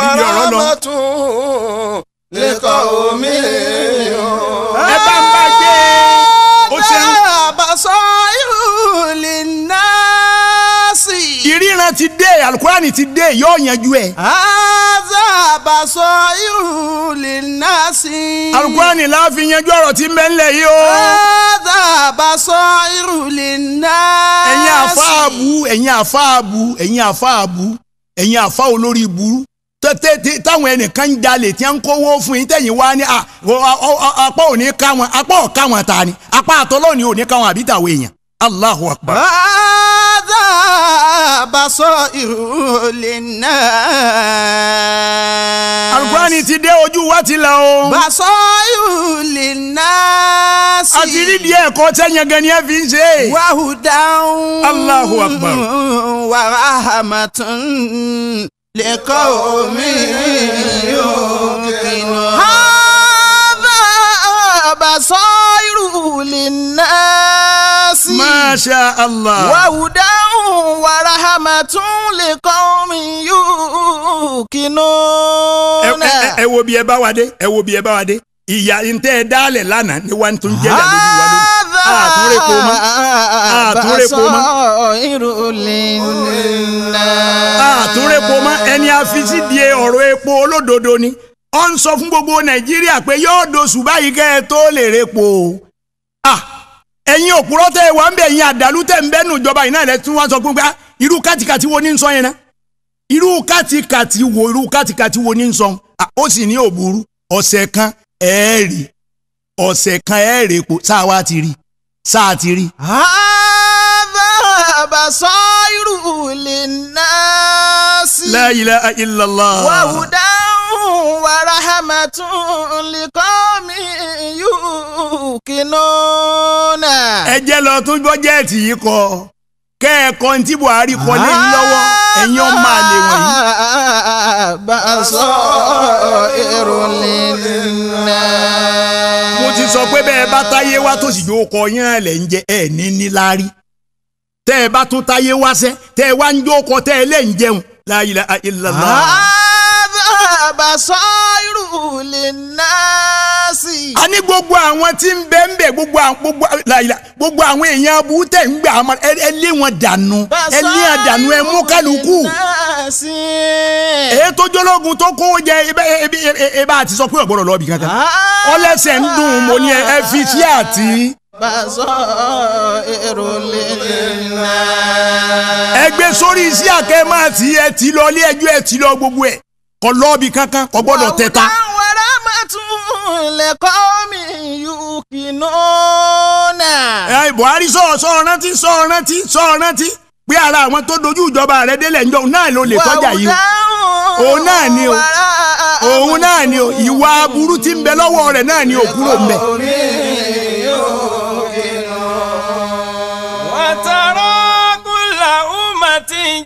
wàrà mọ́tún lẹ́kọ̀ omi ẹ bá ń bá gbé. ó ṣe ń. tá sunna ti dé alukurani ti dé yóò yanjú ẹ. àzá àbàṣọ irun lè ná sí. alukurani la fi yanjú ọ̀rọ̀ tí ń bẹ ńlẹ̀ yìí o. àzá àbàṣọ irun lè ná sí. ẹ̀yin àfáàbù ẹ̀yin àfáàbù ẹ̀yin àfáàbù ẹ̀yin àfá olórí ibú tètè táwọn ẹnìkan ń jalè tí wọ́n ń kówó fún yín tẹ̀yìn wá ní apá ò ní ká wọn apá ò wọn ta ni apá àtọ́lọ́ ni ò ká wọn àbí tàwọn èèyàn. Allahu akbar. Bàdà basọ ìrùlé náà. Àlùkùránì ti dé ojú wa ti la o. Basọ ìrùlé náà sí. Àti rídìí ẹ̀kọ́ tẹ́yẹ̀gẹ́ ni ẹ fi ń ṣe. Wàhùdáhùn. Allahu akbar. Wàhámàtún lẹ́kọ̀ọ́ omi yóò kìnnà. Bàbá basọ ìrùlé náà. Masha Allah. Wàhùdá wàràhàmàtún lè kọ́ mi yóò kinu náà. Ẹ wo bí ẹ bá wa dé, ẹ wo bí ẹ bá wa dé. Ìyá ntẹ́ ẹ dálẹ̀ lánàá ni wà tún jẹ́ lẹ́nu ìwà lónìí. Àtúnrẹ́ kò mọ́. Àtúnrẹ́ kò mọ́. Àtúnrẹ́ kò mọ́. Ẹni àfisí di ọ̀rọ̀ epo olódodo ni. Ó ń sọ fún gbogbo Nàìjíríà pé yóò doṣù báyìí kẹ́ ẹ tó lè repo. Ah! eyin òpùrọ́ tẹ́ ẹ wà ń bẹ̀ ẹ̀yin àdàlú tẹ́ ń bẹ́nu ìjọba yìí náà lẹ tún wá sọ pé pé irú kàtìkàtì wo ní ń yẹn náà irú wo irú kàtìkàtì wo ní ó sì ní kan ọ̀sẹ̀ kan epo sáà wá ti rí sáà ti rí. هذا بصائر للناس لا إله إلا ورحمة لقوم يوقنون ẹ jẹ́ lọ tún bọ́jẹ́ẹ̀tì yìí kọ kẹ́ẹ̀kọ́ tí Buhari kọ lé lọ́wọ́ ẹ̀yin ọmọ àlè wọ̀nyí. bàṣọ ìròyìn náà. mo ti sọ pé bẹ́ẹ̀ bá táyé wá tó sì yóò kọ yán lẹ̀ ń jẹ ẹ̀ ní níláárí tẹ́ ẹ bá tún táyé wá sẹ́ tẹ́ ẹ wá ń jókòó tẹ́ ẹ lẹ́ ń jẹun àbàṣọ́rù lè násì. a ní gbogbo àwọn tí ń bẹ ń bẹ gbogbo àwọn gbogbo àwọn èèyàn aburú tẹ̀ ń gbà àmọ́ ẹ lé wọn dànù ẹ lé wọn dànù ẹ mú kálukú. èyí tó jọlọ́gun tó kó jẹ ẹ e, e, e, bá ti sọ pé ọ̀gbọ́dọ̀ lọ́ọ́ bì kankan ah. ọlẹ́sẹ̀ ń dùn mo ní ẹ fi sí àti ẹgbẹ́ sórí iṣẹ́ àkẹ́mọ́ àti ẹ ti lọ ilé ẹjọ́ ẹ ti lọ gbogbo ẹ̀ kọ lọ́ọ̀bì kankan kọ gbọ́dọ̀ tẹ̀ta. wàrà máa tún lẹ́kọ́ mi yùkì náà. ẹ Buhari sọ sọ rántí sọ rántí sọ rántí pé ara àwọn tó dojú ìjọba rẹ délẹ̀ ńjọ náà ló lè tọ́jà yìí o òun náà ni o òun náà ni o ìwà aburú tí ń bẹ lọ́wọ́ rẹ̀ náà ni òkúrò ń bẹ.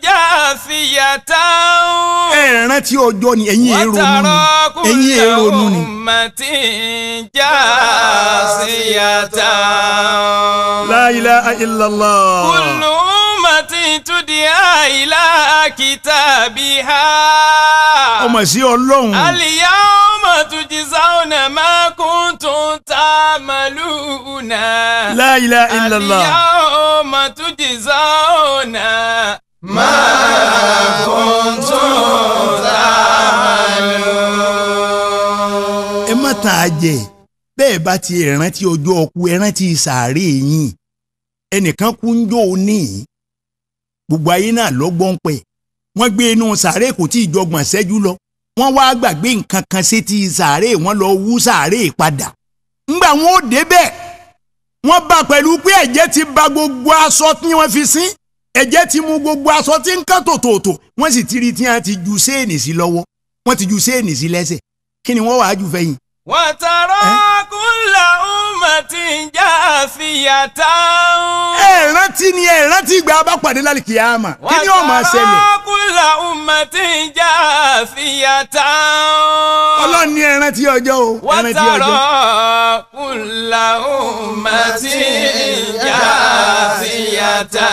jáfìyàtà ó. ẹ rántí ọjọ́ ni ẹ̀yin èrò nu ni ẹ̀yin èrò nu ni. mọ̀tí jáfìyàtà ó. la ilaha illallah. kùlù mọ̀tí túndìyà ìlà kìtàbíhà. ọmọ sí ọlọ́run. àlìyá ọmọ tuntun sáwọn máa kún tún tá màlúù náà. la ilaha àlìyá ọmọ tuntun sáwọn ما كنتم تعملون ẹ má tàn jẹ bẹ́ẹ̀ bá ti rántí ọjọ́ ọkú ẹ rántí sàárè yín ẹnìkan kú ń jó ní gbogbo ayé náà lọ́gbọ́n pẹ̀ wọ́n gbé inú sàárè kò tí ì jọgbọ̀n ṣẹ́jú lọ wọ́n wá gbàgbé nǹkan kan sétí sàárè wọn lọ wú sàárè padà ńgbà wọn ò débẹ̀ wọ́n bá pẹ̀lú pé ẹ̀jẹ̀ ti ba gbogbo aṣọ tí wọ́n fi sín ẹ̀jẹ̀ ti mu gbogbo aṣọ tí ń kán tòtòtò wọ́n sì ti rí tí wọ́n ti ju séènì sí lọ́wọ́ wọ́n ti ju séènì sí lẹ́sẹ̀ kí ni wọ́n wàá jù fẹ́yìn. wọ́n tọrọ kúlà ọmọtí ń já àfihàn táwọn. ẹ rántí ni ẹ rántí ìgbà bá pàdé lálẹ́ kìí àmà kí ni ó ṣẹlẹ̀. wọ́n tọrọ kúlà umẹ̀tì ń jà fìyàtà. ọlọ́run ní ẹran tí ọjọ́ o ẹran tí ọjọ́. wàtàrọ̀ kúlà ń jà fìyàtà.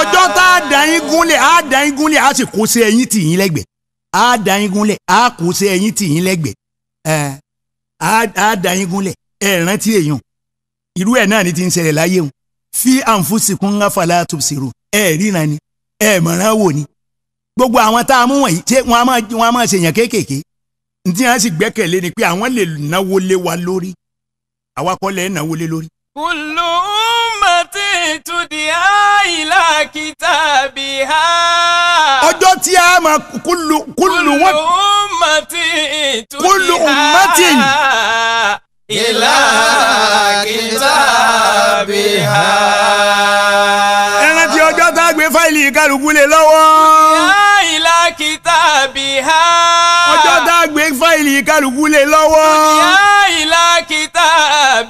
ọjọ́ tá a dà yín gúnlẹ̀ a dà yín gúnlẹ̀ a sì kó sí ẹyin tì yín lẹ́gbẹ̀ẹ́ a dà yín gúnlẹ̀ a kó sí ẹyin tì yín lẹ́gbẹ̀ẹ́ a dà yín gúnlẹ̀ ẹ̀ràn tí èèyàn irú ẹ̀ náà ni ti ń ṣẹlẹ̀ láyé o fi àǹfùsìkún ńlá fàlà tó ṣèrò ẹ̀ ríran ni ẹ̀ mọ̀ràn wò ni gbogbo àwọn tá a mú wọ̀nyí ṣé wọ́n a máa wọ́n a máa ṣèyàn kéékèèké tí wọ́n sì gbẹ́kẹ̀lé ni pé àwọn lè náwó lé wa lórí àwa kọ́ náwó lé lórí. kùlù mọ̀tì tùdí àìlà kìtàbí ha. ọjọ́ tí a máa kùlù kùlù wọn. kùlù mọ̀tì tùdí ha. kùlù mọ̀tì. ìlà kìtàbí ha. ẹran tí ọjọ́ tá a gbé fáìlì kálukú lé lọ́wọ́ biha. ọjọ́ tá a gbé fáìlì kálukú lé lọ́wọ́. dúníyà ìlà kìtà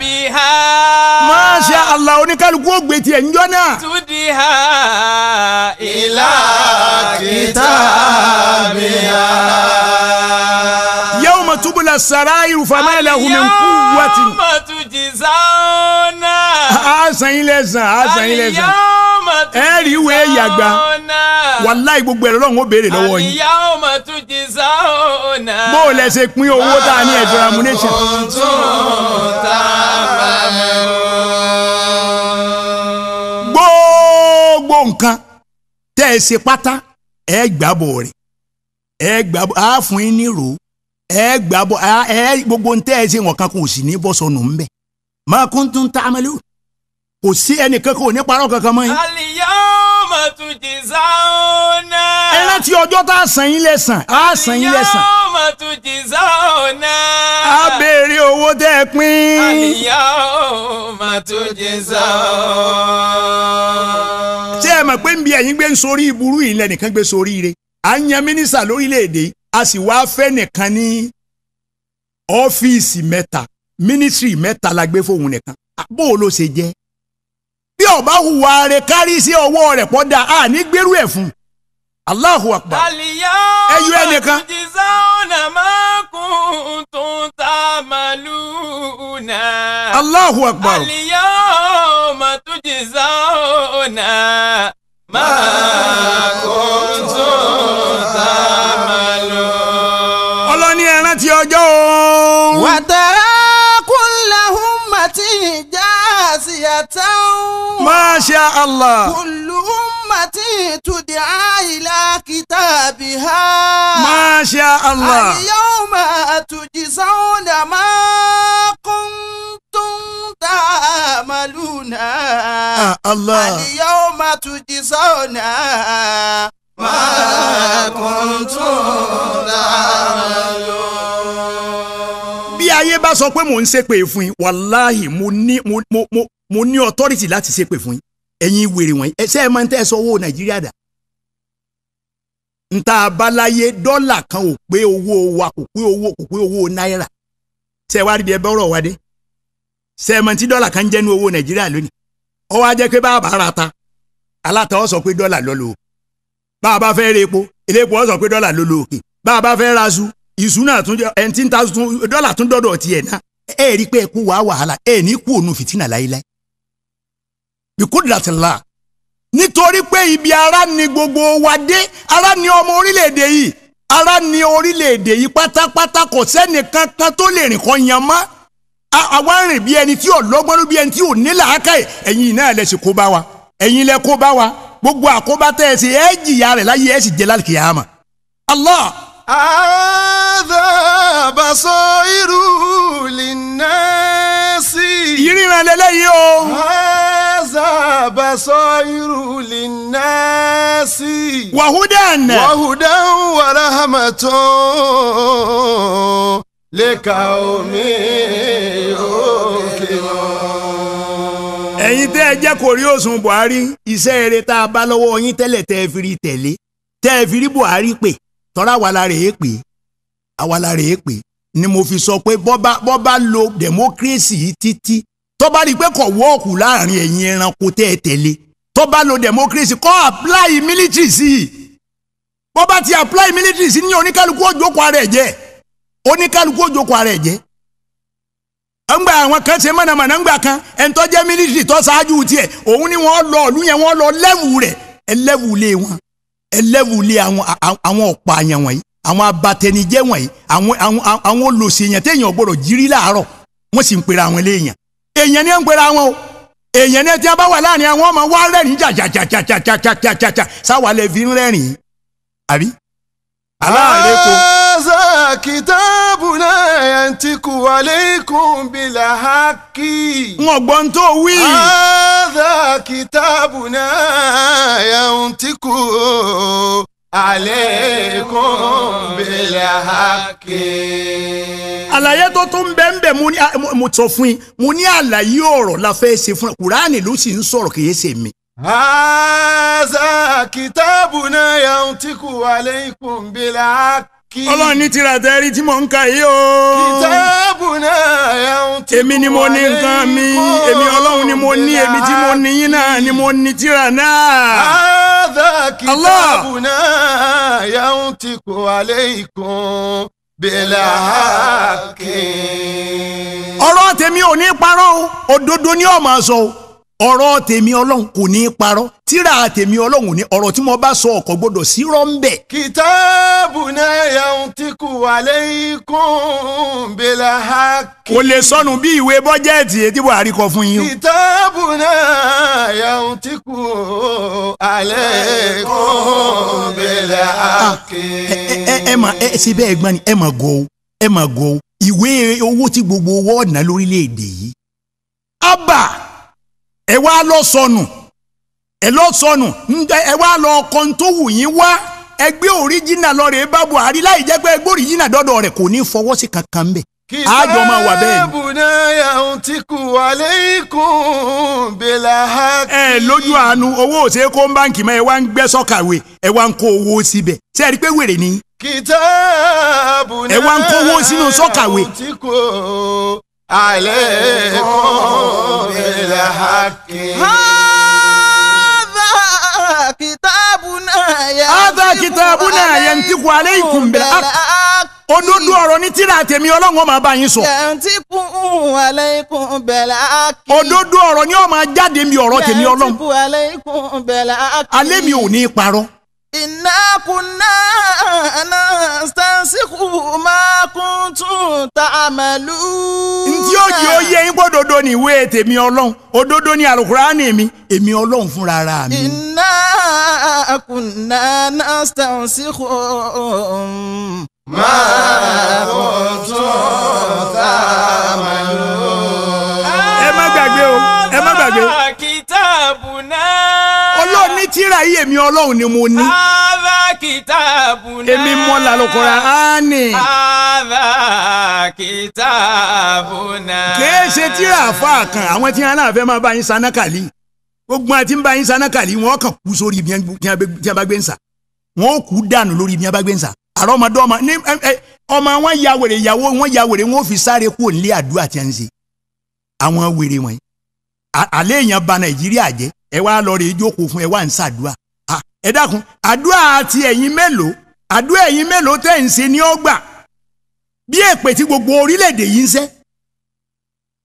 biha. Masha Allah oníkálukú ó gbé tiẹ̀ níjọ́ náà. tudiha ìlà kìtà biha. yawma tubla sarairu fama lahu min quwwati. yawma tujzauna. a san yín lẹ́san a san yín lẹ́san. ẹ rí ìwé yàgbá wàláì gbogbo ẹ̀rọ lọ́run ó béèrè lọ́wọ́ yín tún ti sá ọ̀nà. bó o lẹ ṣe pín owó tá a ní ẹ̀jọ̀ amúnéṣàn. àwọn tó tá a bá mọ̀. gbogbo nǹkan tẹ́ ẹ ṣe pátá ẹ gbàbọ̀ rẹ̀ ẹ gbàbọ̀ á fún yín nírò ẹ gbàbọ̀ ẹ gbogbo tẹ́ ẹ ṣe wọn kan kò sì ní bọ́ sọnù ńbẹ máa kún tún tá a mẹ́lẹ́ o kò sí ẹnìkan kò ní parọ́ kankan mọ́ yín. àlìyá yawma tujzauna. ẹ rántí ọjọ́ tá a san yín lẹ́sàn á san yín lẹ́sàn. yawma tujzauna. a béèrè owó tẹ́ ẹ pín. yawma tujzauna. ṣé ẹ mọ̀ pé ń bí ẹ̀yin gbé ń sórí ìburú yìí lẹ́nìkan gbé sórí ire à ń yan mínísà lórílẹ̀‐èdè a sì wá fẹ́ nìkan ní ọ́fíìsì mẹ́ta mínísírì mẹ́ta la gbé fóun nìkan bó o ló ṣe jẹ́ bí ọba hùwà rẹ̀ kárí sí ọwọ́ rẹ̀ pọ́ da a ní gbérú ẹ̀ fún Allahu Akbar ẹyọ ẹnìkan. Allahu Akbar. al masha Allah. kullu ummati tud'a ila Ma masha Allah. al-yawma tujzawna ma kuntum ta'maluna. Ah, Allah. al-yawma tujzawna ma kuntum ta'maluna ayé bá sọ pé mò ń ṣépè fún yín wàláhì mo ní mo mo mo ní authority láti ṣépè fún yín ẹ̀yin wèrè wọ̀nyí ẹ ṣe máa ń tẹ́ ẹ owó nàìjíríà dà nta abalaye dọ́là kan ò pé owó wa kò pé owó kò pé owó náírà ṣe wá rí ẹ bọrọ wá dé ṣe é máa ti dọ́là kan jẹ́nu owó nàìjíríà lónìí wá pé bá a bá ra ta aláta ọ sọ pé bá a bá fẹ́ epo elépo ọ sọ pé dọ́là bá a bá fẹ́ ra tún ń ta bìkúdìlàtìlá nítorí pé ibi ara ni gbogbo wa dé ara ni ọmọ orílẹ̀-èdè yìí ara ni orílẹ̀-èdè yìí pátápátá kò sẹ́nìkan kan tó lè rìn kan yan mọ́ àwa ń rìn bí ẹni tí ò lọ́gbọ́n ló bí ẹni tí ò ní làákàyè ẹ̀yin náà lẹ sì kó bá wa ẹ̀yin lẹ kó bá wa gbogbo àkóbá tẹ́ ẹ ṣe ẹ jìyà rẹ̀ láyé ẹ sì jẹ́ lálùkìyàmà. Allah. àádọ́ bàṣọ irú lè náà sí. ìrìnà lélẹ́yìí o. ذهب صائر للناس وهدى وهدى ورحمة لقوم يوقنون ẹ̀yin tẹ́ ẹ jẹ́ kó rí òsùn Buhari iṣẹ́ eré tá a bá lọ́wọ́ yín tẹ́lẹ̀ tẹ́ ẹ fi rí tẹ̀lé tẹ́ ẹ fi rí Buhari pè tọ́ra wa la rèé pè àwa la rèé pè ni mo fi sọ pé bọ́ bá lo democracy yìí títí tó bá rí i pé kò wọ́ọ̀kù láàrin ẹ̀yin ẹranko tẹ́ ẹ tẹ̀lé tó lo democracy kó apply military sí i bó bá ti apply military sí i ní oníkálukú òjòkó ara ẹ̀ jẹ́ oníkálukú òjòkó ara ẹ̀ jẹ́ ngba àwọn kan ṣe mọ̀nàmọ̀nà ngba kan ẹni tó jẹ́ military tó ṣáájú tiẹ̀ òun ni wọ́n lọ ọ̀lú yẹn wọ́n lọ lẹ́wù rẹ̀ ẹlẹ́wù lé wọn ẹlẹ́wù lé àwọn ọ̀pààyàn wọ̀nyí àwọn abatẹnijẹ́ wọ̀nyí àwọn olòṣèyàn téèyàn gbọ́dọ̀ jírí láàárọ̀ wọ́n sì ń pera àwọn eléyàn èèyàn ní ẹ̀ ń pera wọn o èèyàn ní ẹ̀ tí a bá wà láàrin àwọn ọmọ wa rẹ́rìn jàjàjàjàjàjàjàjà sáwà lè fi rẹ́rìn àbí. aláàrẹ kò. àzá kìtàbù náà yẹn ti kù alaykum bil haqqi. wọn tó wí. àzá kìtàbù náà yẹn aleikum bilhaki. àlàyé tó tún bẹ́ẹ̀ bẹ́ẹ̀ mo ní mo sọ fún yín mo ní àlàyé ọ̀rọ̀ la fẹ́ ṣe fún ẹ kùránì ló sì ń sọ̀rọ̀ kì ṣe mi. haza kitabuna yantiku aleikum bilhaki kí. ọlọ́run ní tírà tẹ́rí tí mò ń kà yìí o. kìtàbù náà yẹn ti kú èmi ni mo ní nǹkan mi èmi ọlọ́run ni mo ní èmi tí mo ní náà ni mo ní tírà náà. àdá kìtàbù náà yẹn ti kú alaykum bẹ́lá kí. ọ̀rọ̀ tèmi ò ní parọ́ òdodo ni ó máa sọ o ọ̀rọ̀ tèmi ọlọ́run kò ní í parọ́ tíra tèmi ọlọ́run ní ọ̀rọ̀ tí mo bá sọ ọ̀kọ̀ gbọ́dọ̀ sí rọ́ńbẹ̀. kìtàbù náà yẹun tí kò wà lẹ́yìnkùn bẹ́lá ha. kò lè sọnù bí ìwé bọ́jẹ́ẹ̀tì etí buhari kọ fún yín. kìtàbù náà yẹun tí kò àlẹ́kùn bẹ́lá ha. ẹ ẹ mà ẹ ṣe bẹ́ẹ̀ gbani ẹ mà gọ ẹ mà gọ ìwé owó tí gbogbo owó ọ̀nà lórílẹ̀‐èdè yìí. abba ẹ wá lọ sọnù ẹ lọ sọnù ẹ wá lọ ọkọ tó wù yín wá òríjìnà lọ rèé bá Buhari láì jẹ́ pé ẹgbẹ́ òríjìnà dọ́dọ̀ kankan bẹ́ẹ̀ àjọ máa wà bẹ́ẹ̀ ni. kìtàbùnà yàrá ti kù aleikum bela ha. ẹ lójú àánú owó òsè kó ń báǹkì mọ́ ẹ wá ń gbẹ́ sọ́kàwé ẹ wá ni. yàrá ti kù. ẹ عليكم بالحق هذا كتابنا ينطق هذا كتابنا ينطق عليكم بالحق òdodo ọ̀rọ̀ ní tíra tèmi ọlọ́run máa bá yín sọ. yẹntì kún aleikum bẹ̀lẹ̀ ákì. òdodo ọ̀rọ̀ ni ó máa jáde mi ọ̀rọ̀ tèmi ọlọ́run. yẹntì kún aleikum bẹ̀lẹ̀ ákì. alẹ́ mi ò ní parọ́ iná kunná anastasiku máa kún tún ta àmàlú. ntí ó jẹ́ ó yẹ yín pé òdodo ìwé tèmi ọlọ́run òdodo ni àlùkùránì mi èmi ọlọ́run fúnra ara mi. iná kunná anastasiku máa kún tún ta àmàlú. ẹ má gbàgbé o ẹ má gbàgbé kìtàbùnà. ọlọ́run ní tíra yìí èmi ọlọ́run ni mo ní. ààbà kìtàbùnà. èmi mọ làlùkọ́ra áánì. ààbà kìtàbùnà. kìí ṣe tíra àfa kan àwọn tí wọn náà fẹ́ máa bá yín sanákàlì gbogbo àti ń bá yín sanákàlì wọn kàn kú sórí ibi tí bá gbé ń sà wọn ò kú dànù lórí ibi tí bá gbé ń sà àrọ ọmọdé ọmọ ní ọmọ wọn ya wèrè ìyàwó wọn ya wèrè wọn ò fi sáré kúrò nílé àdúrà tí a ń ṣe àwọn wèrè wọ̀nyí àlẹ́ èèyàn ba nàìjíríà jẹ́ ẹ wá lọ rè é jókòó fún ẹ wá ń ṣàdúrà ẹ dákun àdúrà ti ẹ̀yin mélòó àdúrà ẹ̀yin mélòó tẹ̀ ń ṣe ní ọgbà bí èpè tí gbogbo orílẹ̀-èdè yìí ń ṣe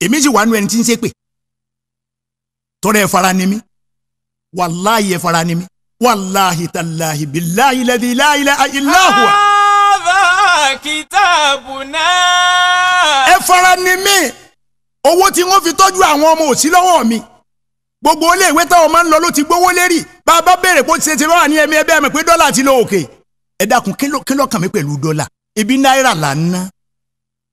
èmi sì wà nù ẹni tí ń ṣe pè tọ́rọ ẹ fara ni mí wàláhì ẹ fara ni mí wàláhì tàláhì bíláhì lẹ́dí láìlá ìláhùwà. hadha ẹ fara ni mí owó tí wọ́n fi tọ́jú àwọn ọmọ òsí lọ́wọ́ mi gbogbo ilé ìwé táwọn máa ń lọ ló ti gbówó lérí bá a bá ti ṣe wà ní ẹ̀mí ẹbẹ́ mi pé dọ́là ti lọ òkè ẹ dákun kí lọ́kàn mi pẹ̀lú dọ́là ibi náírà là ń ná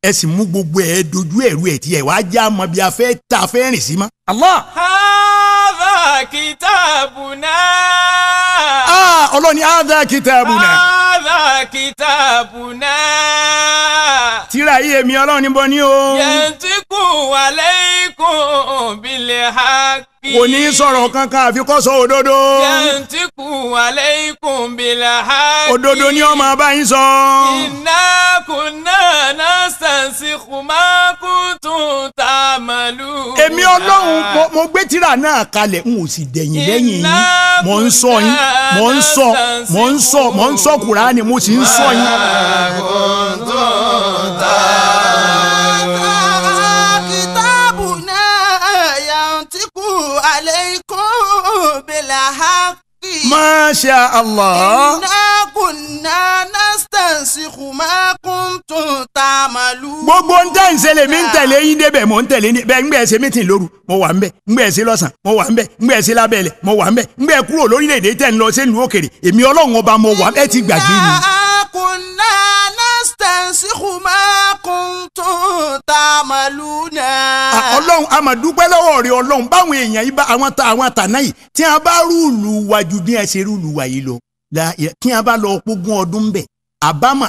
ẹ sì mú gbogbo ẹ dojú ẹ̀rú ẹ̀ tí ẹ̀ wá já mọ́ bí a fẹ́ ta fẹ́ rìn sí mọ́. Allah. hadha kitabuna. ah ọlọ́ni hadha kitabuna. hadha kitabuna. tíra iye mi ọlọ́run níbọn ni o. yẹn ti kú aleikum bílẹ̀ ha kí. kò ní sọ̀rọ̀ kankan àfi kó sọ òdodo. yẹntì kú aleikum bílẹ̀ ha kí. òdodo ni ó máa bá yín sọ. iná kunná náà sànsì kùmá kùtùn tá a màlú. èmi ọlọ́run mo gbé tírà náà kalẹ̀ n ò sì dẹ̀yìn lẹ́yìn yín mo ń sọ yín mo ń sọ mo ń sọ mo ń sọ Kùránì mo sì ń sọ yín. kùtùn tá a màlú. Masha Allah. شاء الله إنا كنا نستنسخ ما كنتم gbogbo ń tẹ́ ń ṣẹlẹ̀ mi ń tẹ̀lé yín débẹ̀ mò ń tẹ̀lé ní bẹ́ẹ̀ ńgbẹ́ ṣe mítìn lóru mo wà ńbẹ̀ ńgbẹ́ ṣe lọ́sàn mo wà ńbẹ̀ ńgbẹ́ ṣe lábẹ́lẹ̀ mo wà ńbẹ̀ ńgbẹ́ kúrò lórílẹ̀‐èdè tẹ̀ ń lọ sẹ́nu òkèrè èmi ọlọ́run ọba mo wà ẹ ti gbàgbé mi. إنا كنا yastansikhu ma kuntum ta'maluna. Ah, ọlọ́run a máa dúpẹ́ lọ́wọ́ rẹ ọlọ́run báwọn èèyàn yìí bá àwọn ta àwọn àtàná yìí tí a bá rúùlù wa ju bí ẹ ṣe rúùlù wa yìí lọ kí a bá lọ ogún ọdún bẹ̀ àbámọ̀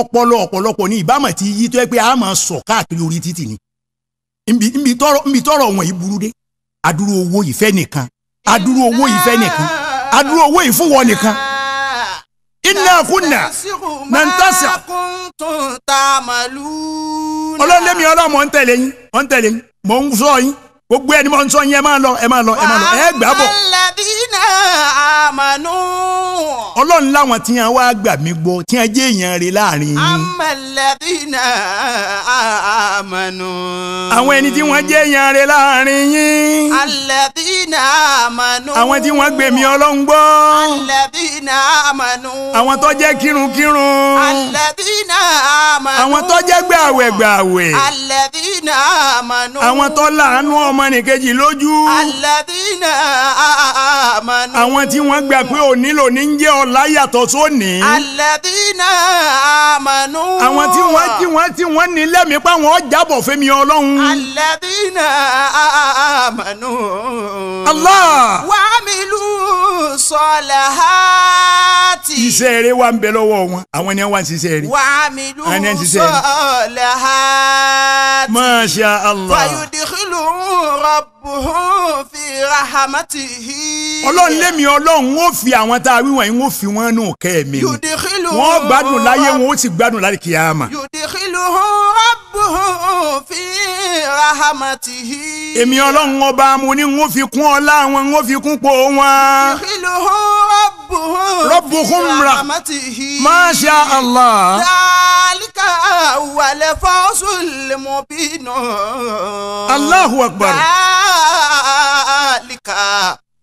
ọpọlọ ọ̀pọ̀lọpọ̀ ní ìbámọ̀ tí yí tó yẹ pé a máa sọ káàkiri orí títì ni nbi tọrọ wọn yìí burú dé adúrú owó ìfẹ́ nìkan adúrú owó ìfẹ́ nìkan adúrú owó ìfúnwọ́ nìkan iná kúnà nàntàṣà. ọlọ́run lémi ọlọ́run mọ̀ ń tẹ̀lé yín mọ̀ ń tẹ̀lé yín mọ̀ ń sọ yín gbogbo ẹni mọ̀ ń sọ yín ẹ máa lọ ẹ máa lọ ẹ máa lọ ẹ gbà lẹ́dínà àmànú. ọlọ́run láwọn tí wọ́n wá gbà mí gbọ́ tí wọ́n jẹ́ èèyàn rẹ̀ láàrin yín. àmàlẹ́dínà àmànú. àwọn ẹni tí wọ́n jẹ́ èèyàn rẹ̀ láàrin yín. àlẹ́dínà àmànú. àwọn tí wọ́n gbèmí ọlọ́run gbọ́. àlẹ́dínà àmànú. àwọn tó jẹ́ kírunkírun. àlẹ́dínà àmànú. àwọn tó jẹ́ gbàwẹ̀gbàwẹ̀. àlẹ́dínà àmànú. àwọn tó láàánú ọmọnìkejì lójú. àlẹ́dínà àmànú amanu. àwọn tí wọ́n gbà pé òní lòní ń jẹ́ ọ̀la yàtọ̀ sóní. alladhina amanu. àwọn tí wọ́n tí wọ́n tí wọ́n ní lẹ́mí pé àwọn jábọ̀ fẹ́mi ọlọ́run. alladhina amanu. Allah. wa amilu salahati. iṣẹ́ rere wa ń bẹ lọ́wọ́ wọn àwọn ni wọ́n ń ṣiṣẹ́ rere. wa amilu salahati. masha Allah. fayudikhilu rabb rabbuhum fi rahamatihi. ọlọ́run lémi ọlọ́run ó fi àwọn tá a wíwọ̀n ó fi wọ́n nù kẹ́ mi. yudikhiluhum wọ́n gbádùn láyé wọn ó sì gbádùn láti kíyàmá. yudikhiluhum rabbuhum fi rahamatihi. èmi ọlọ́run ọba mo ní n ó fi kún ọlá wọn n ó fi kún pò wọn. yudikhiluhum ربهم رحمته ما شاء الله ذلك هو الفوز المبين الله أكبر ذلك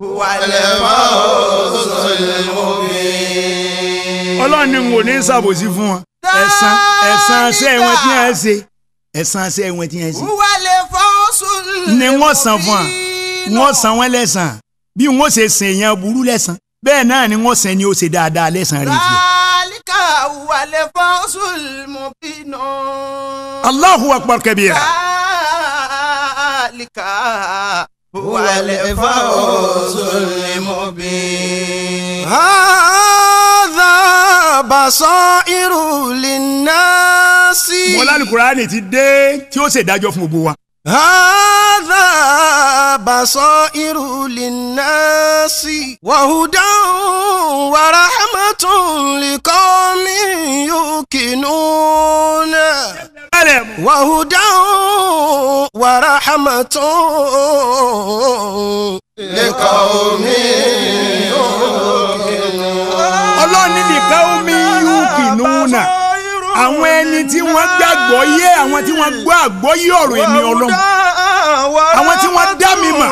هو الفوز المبين ọlọ́run ni n ò ní ṣàbòsí fún wọn ẹ̀san ẹ̀san ṣẹ́ wọn tí wọ́n ṣe ẹ̀san ṣẹ́ wọn tí wọ́n ṣe. wúwalẹ̀ fọ́ọ̀sùn lè mọ̀ ni wọ́n san fún wa wọ́n san wọn lẹ́san bí wọ́n ṣe sìn burú lẹ́san bẹ́ẹ̀ náà ni wọ́n sẹ́ni ó ṣe dáadáa lẹ́sàn-án rẹ̀ jù. dhalika huwal fawzul mubin. Allahu akbar kabira. dhalika huwal fawzul mubin. hadha basairu linnasi. mọ́lá alukurani ti dé tí ó ṣèdájọ́ fún gbogbo wa. هذا بصائر للناس وهدى ورحمة لقوم يوقنون وهدى ورحمة لقوم يوقنون الله لقوم يوقنون àwọn ẹni tí wọ́n gbàgbọ́ yé àwọn tí wọ́n gbọ́ àgbọ́ yé ọ̀rọ̀ èmi ọlọ́run àwọn tí wọ́n dá mi mà.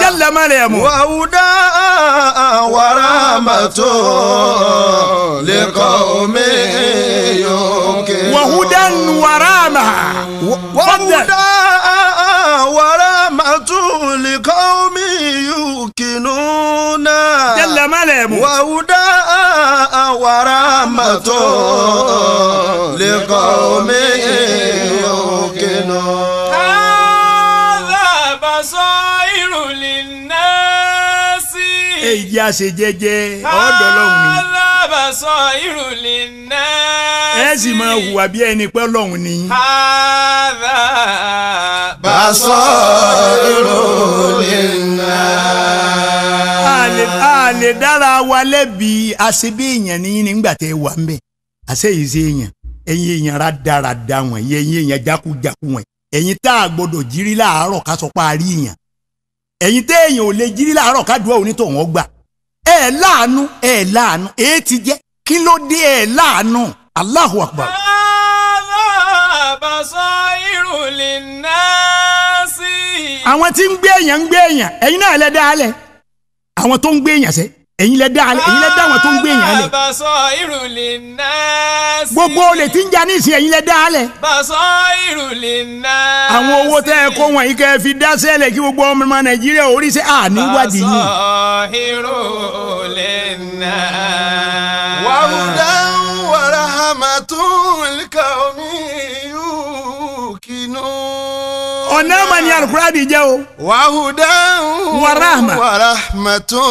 jẹ́lẹ̀ má rẹ̀ mọ́. wàhùdá wàrà màtó lè kọ́ omi yòókè. wàhùdá wàrà mà. wàhùdá wàrà màtó lè kọ́ omi yòókè nù. jẹ́lẹ̀ má rẹ̀ mọ́. wàhùdá. ورحمة لقوم يوقنون هذا بصائر للناس èyí á ṣe jẹ́jẹ́ ọ̀dọ̀ lọ́hùn ni sọ ìrùlé náà. ẹ sì máa hùwà bí ẹni pé ọlọ́run ni. hàdà bá sọ ìrùlé náà. a lè dára wa lẹ́bi àṣebí èèyàn níyìn nígbà tẹ́ wà ń bẹ̀ àṣeyìí sí èèyàn ẹ̀yin èèyàn ra dáradá wọ̀n ẹ̀yin èèyàn jákujàku wọ̀n ẹ̀yin tá a gbọ́dọ̀ jírí láàárọ̀ ká sọ pé a rí èèyàn ẹ̀yin tẹ́ èèyàn ò lè jírí láàárọ̀ ká dúró onítọ̀hún ọgbà ẹ láàánú ẹ láàánú èé ti jẹ́ kí ló dé ẹ láàánú Allahu Akbar. àwọn tí ń gbé èèyàn ń gbé èèyàn ẹ̀yin náà lẹ dáa lẹ àwọn tó ń gbé èèyàn sẹ́ẹ́ ẹ̀yin lẹ dá ẹ̀yin lẹ dá àwọn tó ń gbé yàn lẹ. bàṣọ ìrùlé náà sí. gbogbo olè tí ń jà nísìn ẹ̀yin lẹ dá lẹ. bàṣọ ìrùlé náà sí. àwọn owó tẹ ẹ kó wọn yìí kẹ fi dá sẹ́lẹ̀ kí gbogbo ọmọ nàìjíríà oríṣẹ́ àní wádìí yìí. bàṣọ ìrùlé náà. wàhùdà wàrà hàmàtún ìlkà omi yóò kinu ọ̀nà mà ní jẹ́ o. wàhùdà wàràhmà wàràhmàtò.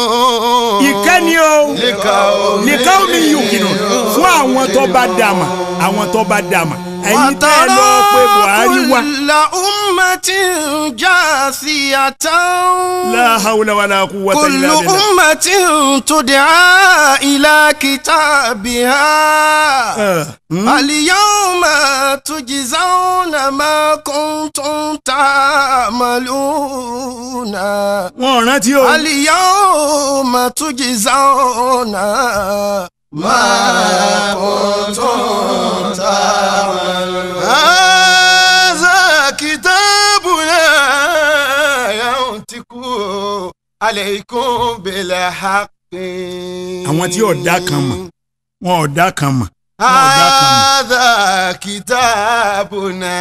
ìkànnì o lìkàwọ́ mi yòókì nù fún àwọn tó bá dàmà àwọn tó bá dàmà ẹ̀yin náà lọ pé buhari wá. la ummatin jasiyatan. la hawla wala quwwata illa billah. kullu ummatin tud'a ila kitabiha. Eh, hmm. al-yawma tujzawna ma kuntum maluna. wọ́n rántí o. al-yawma tujzawna. ما كنتم تعملون هذا كتابنا ينطق عليكم بالحق àwọn tí ọ̀dà kan mọ̀ wọn ọ̀dà kan mọ̀. هذا كتابنا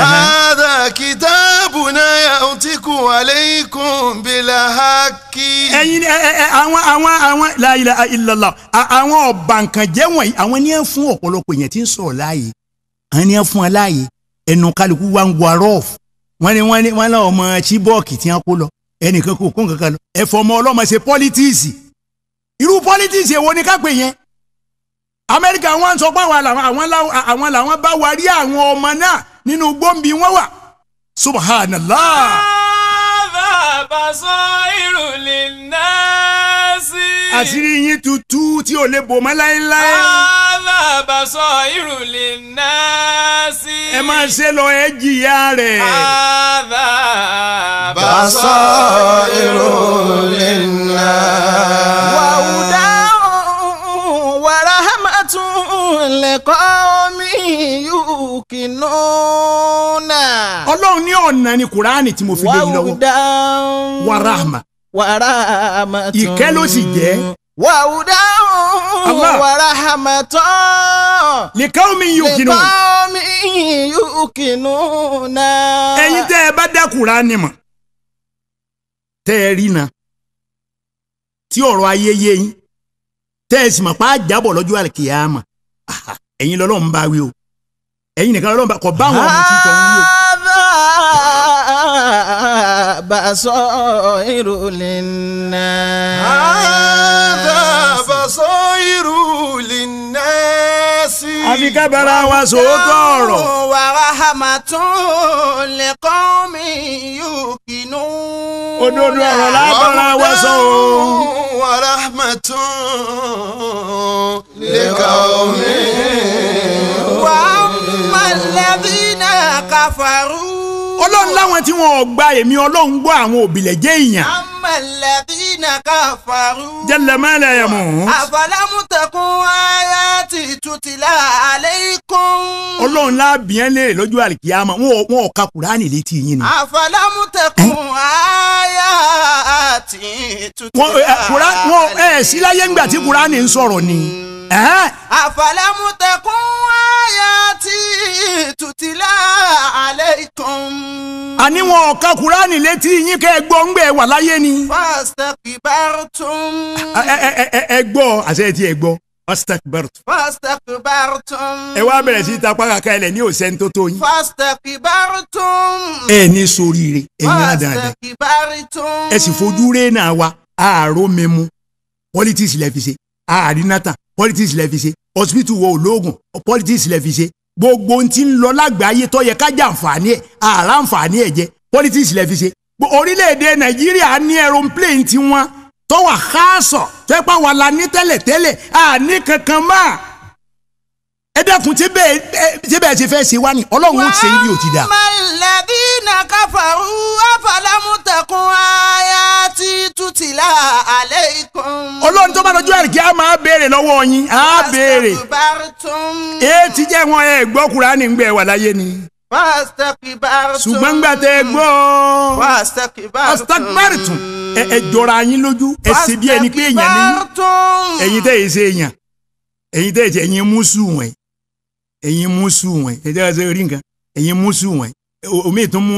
هذا كتابنا rasuluna yautiku aleikum bila haki. ẹyin ẹ àwọn àwọn àwọn la ilaha illallah àwọn ọ̀bànkànjẹ́ wọ̀nyí àwọn ni ẹ fún ọ̀pọ̀lọpọ̀ èèyàn tí ń sọ̀rọ̀ láàyè àwọn ni ẹ fún ọ láàyè ẹnu kálukú wa ń wà rọ́ọ̀f wọ́n ní wọ́n ní wọ́n lọ ọmọ chibọ́ọ̀kì tí wọ́n kó lọ ẹnìkan kò kó nǹkan kan lọ ẹ fọmọ ọlọ́mọ ṣe pọ́lítíìsì irú pọ́lítíìsì èwo ni ká pè yẹn amẹ́ríkà wọn sọ pé àwọn làwọn bá wa rí àwọn ọmọ náà nínú gbòǹbì wọn wà subhanallah. bàbá bàṣọ ìrùlé náà sí. àṣírí yín tutù tí ò lè bò mọ́ láéláé. bàbá bàṣọ ìrùlé náà sí. ẹ máa ṣe lọ ẹ jìyà rẹ̀. bàbá bàṣọ ìrùlé náà. wàhùdà wàrà hàmàtún lẹ́kọ̀ọ́ mi yóò tukinuna. ọlọ́run ní ọ̀nà ni kuraani tí mo fi lé yín lọ́wọ́ warahama warahama tún ìkẹ́ ló sì jẹ́. wàhùdà warahama tán. lìkàwọ́mi yukinu. lìkàwọ́mi yukinuna. ẹ̀yin tẹ́ ẹ bá dá kuraani mọ̀ tẹ́ ẹ rí na tí ọ̀rọ̀ ayé yé yín tẹ́ ẹ sì mọ̀ pé àjábọ̀ lọ́jọ́ àlùkìyàmà ẹ̀yin lọ́lọ́run bá wí o ẹ̀yin nìkan lọ́lọ́run bá kọ bá àwọn ọmọ tí tọ̀hún yìí o. bàṣọ ìrùlẹ̀ náà. bàṣọ ìrùlẹ̀ náà sí. àfi kábàárà wa sòótọ́ ọ̀rọ̀. wàrà hàmàtún lẹ́kọ́ mi yóò kinu. òdodo ọ̀rọ̀ lábàárà wa sọ o. wàrà hàmàtún lẹ́kọ́ mi. wàá alladhina kafaru. ọlọ́run láwọn tí wọn ò gba èmi ọlọ́run gbọ́ àwọn òbílẹ̀jẹ́ èèyàn. ammalladhina kafaru. jẹlẹmẹlẹ yẹn mọ. àfàlámù tẹkun ti tutila aleikum. ọlọ́run láàbì yẹn léèrè lọ́jọ́ àlìkíyàmá wọn ò ka kúránì létí yín ni. àfàlámù tẹkun ti tutila aleikum. wọn ẹ ẹ síláyé ńgbà tí kúránì ń sọ̀rọ̀ ni àfàlẹ́mú tẹkún àyà tí tutila alaykum. àní wọn ò ka kúránì létí yín kẹ́ ẹ gbọ́ ń gbẹ́ wà láyé ni. fastakbartum. ẹ ẹ ẹ ẹ gbọ́ àṣẹ ti ẹ gbọ́ fastakbartum. fastakbartum. ẹ wá bẹ̀rẹ̀ sí ta pàkà ká ẹlẹ̀ ní òsẹ́ni tó tó yín. fastakbartum. ẹ ní soríire ẹ ní àdáadáa. fastakbartum. ẹ sì fojú rẹ́ wa àárọ̀ mímu politics lẹ́ fi ṣe àárín náà tàn politics lẹ fi ṣe hospital wo olóògùn politics lẹ fi ṣe gbogbo ohun tí ń lọ lágbàáyé tó yẹ kájà àǹfààní ẹ àrà àǹfààní ẹ jẹ politics lẹ fi ṣe orílẹ̀-èdè nàìjíríà ní aeroplane tiwọn tó wà káàsọ̀ tó yẹ pé àwa la ní tẹ́lẹ̀tẹ́lẹ̀ àní kankan máa ẹ dẹ́kun tí bẹ́ẹ̀ ṣe fẹ́ ṣe wá ní ọlọ́run ó ṣe ibi ò ti dà. mọ̀lẹ́bí náà káfàrú àfàlámùtẹ̀kùn aya ti tutìlá àlẹ́ ikùn. ọlọ́run tó bá lọ́jọ́ àrìkí á máa béèrè lọ́wọ́ yín á béèrè. èé ti jẹ́ wọn ẹ gbọ́ Kùránì ń gbẹ wà láyé ni. ṣùgbọ́n gbà gbọ́ fàstàkìbárìtùn ẹ jọra yín lójú ẹ ṣe bí ẹni pé èèyàn ní ẹ̀yin tẹ̀ ẹ̀ ṣe èèyàn ẹ̀yin tẹ̀ ẹ̀ ṣe ẹ̀yin mú sùn wọ̀nyí ẹ̀yin múùsù wọ̀nyí ẹ̀jẹ̀ ẹ̀ṣẹ̀ rí nǹkan ẹ̀yin múùsù wọ̀nyí omi tún mú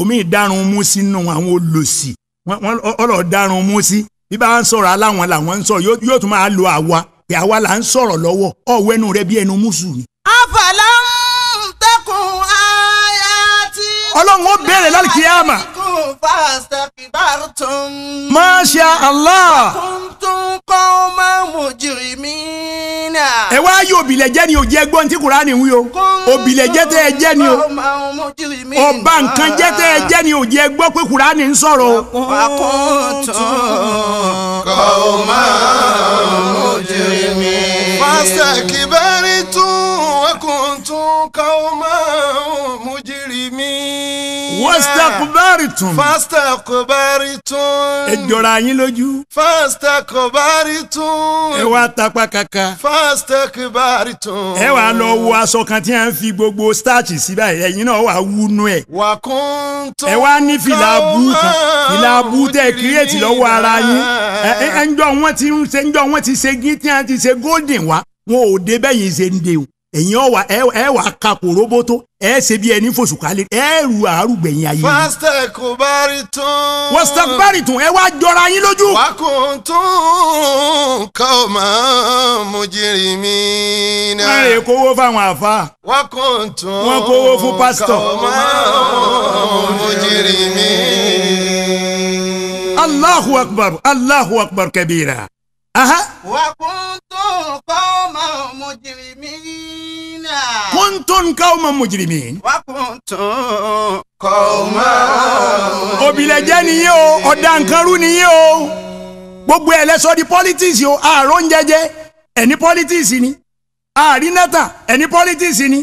omi dárun mú sínú àwọn olòṣì wọn ọlọ dárun mú sí bí bá ń sọ̀rọ̀ aláwọn làwọn ń sọ̀rọ̀ yóò tún máa lo àwa pé àwa là ń sọ̀rọ̀ lọ́wọ́ ọ̀wẹ́nu rẹ bí ẹnu múùsù ni. àfàlà ń tẹkùn á ọlọ́run ó béèrè lálùkìyàmà. Masha Allah. kuntum qawman ẹ wá yí òbílẹ̀ jẹ́ ni òjì ẹgbọ́n tí Kùránì wí o òbílẹ̀ jẹ́ tẹ́ ẹ jẹ́ ni o ọba nǹkan jẹ́ tẹ́ ẹ jẹ́ ni òjì ẹgbọ́n pé Kùránì ń sọ̀rọ̀ o. kuntum qawman mujrimina. fastakbartum wa kuntum qawman mujrimina fastakubaritum. fastakubaritum. ẹ jọra yín lójú. fastakubaritum. ẹ wá tapá kaka. fastakubaritum. ẹ wá lọ wo aṣọ kan tí a ń fi gbogbo starch sí báyìí ẹ̀yin náà wà wúnú ẹ̀. wà kún tó. ẹ wá ní fìlà bú kan fìlà bú tẹ kírètì lọ́wọ́ ara yín. ẹ ẹ ń jọ wọn ti ṣe ń wọn ti ṣe gí tí a ti ṣe golden wa wọn ò dé bẹ́yìn ṣe ń de o ẹ̀yin ẹ wà kakò roboto ẹ ṣe bí ẹni fòṣùkálẹ̀ ẹ rù àrùgbẹ̀yìn ayé. fásitẹ̀ kò bá rí tún. wọ́sítẹ̀ bá rí tún ẹ wá jọra yín lójú. wákùn tún ká ò máa mú jírí mi náà. wọ́n lè kówó fáwọn àfa. wákùn tún wọ́n kówó fún pásítọ̀. máa mú jírí mi. Allahu akbar Allahu akbar kabira. wákùn tún ká ò máa mú jírí mi kuntun qawman mujrimin. wa kuntun qawman. òbílẹ̀jẹ́ nìyí o ọ̀dàǹkanrú nìyí o gbogbo ẹ̀ di politics o àárọ̀ ń jẹjẹ ẹni politics ni àárín nẹ́ta ẹni politics ni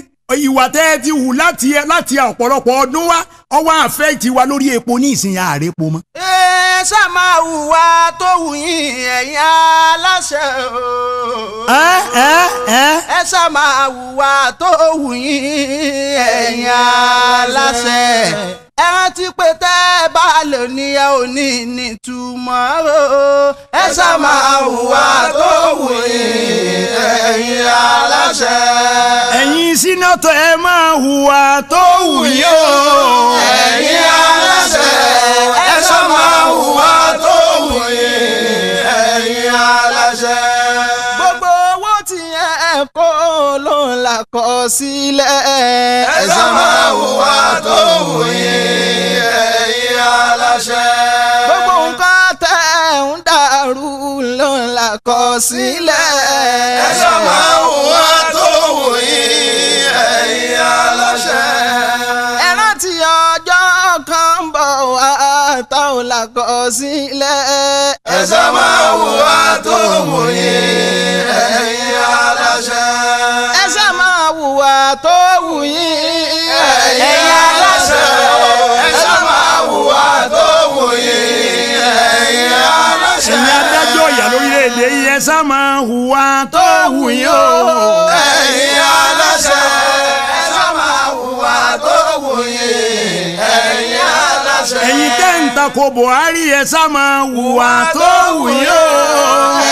ìwà tẹ́ ẹ ti hù láti ọ̀pọ̀lọpọ̀ ọdún wa ọwọ́ àfẹ́ ti wa lórí epo ní ìsinyìí àrèpo mọ́. ẹ ṣáà máa hùwà tó wù yín ẹ̀yin aláṣẹ o. ẹ ẹ ẹ. ẹ ṣáà máa hùwà tó wù yín ẹ̀yin aláṣẹ. ẹ rántí pé tẹ́ ẹ bá lò ní ẹ ò ní nítumọ̀ o. ẹ ṣáà máa hùwà tó wù yín ẹ̀yin aláṣẹ. ẹ̀yin sínátọ̀ ẹ máa hùwà tó wù yín o ẹ̀yin aláṣẹ ẹ̀ṣọ́ máa hùwà tó wù yín ẹ̀yin aláṣẹ. gbogbo owó tí ẹ kó ló ń là kọ sílẹ̀. ẹ̀ṣọ́ máa hùwà tó wù yín ẹ̀yin aláṣẹ. gbogbo nǹkan tẹ̀ ń dàrú ló ń là kọ sílẹ̀. máa hùwà. ọlọ́run la kọ sílẹ̀. ẹ̀sẹ̀ máa wù wá tó mú yín ẹ̀yin aláṣẹ. ẹ̀sẹ̀ máa wù wá tó wù yín ẹ̀yin aláṣẹ. ẹ̀sẹ̀ máa wù wá tó wù yín ẹ̀yin aláṣẹ. ẹ̀yin adájọ́ ìyá lórílẹ̀‐èdè ẹ̀sẹ̀ máa hùwà tó wù yín ẹ̀yin aláṣẹ. ń tako Buhari ẹ sá máa hùwà tó wù yó.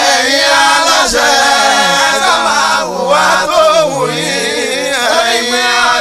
ẹ̀yin aláṣẹ ẹ sá máa tó wù yín ẹ̀yin aláṣẹ.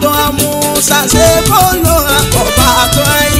tó amúsàsẹ́ bọ́ọ̀lù àkọ́bà tó ẹ̀yìn.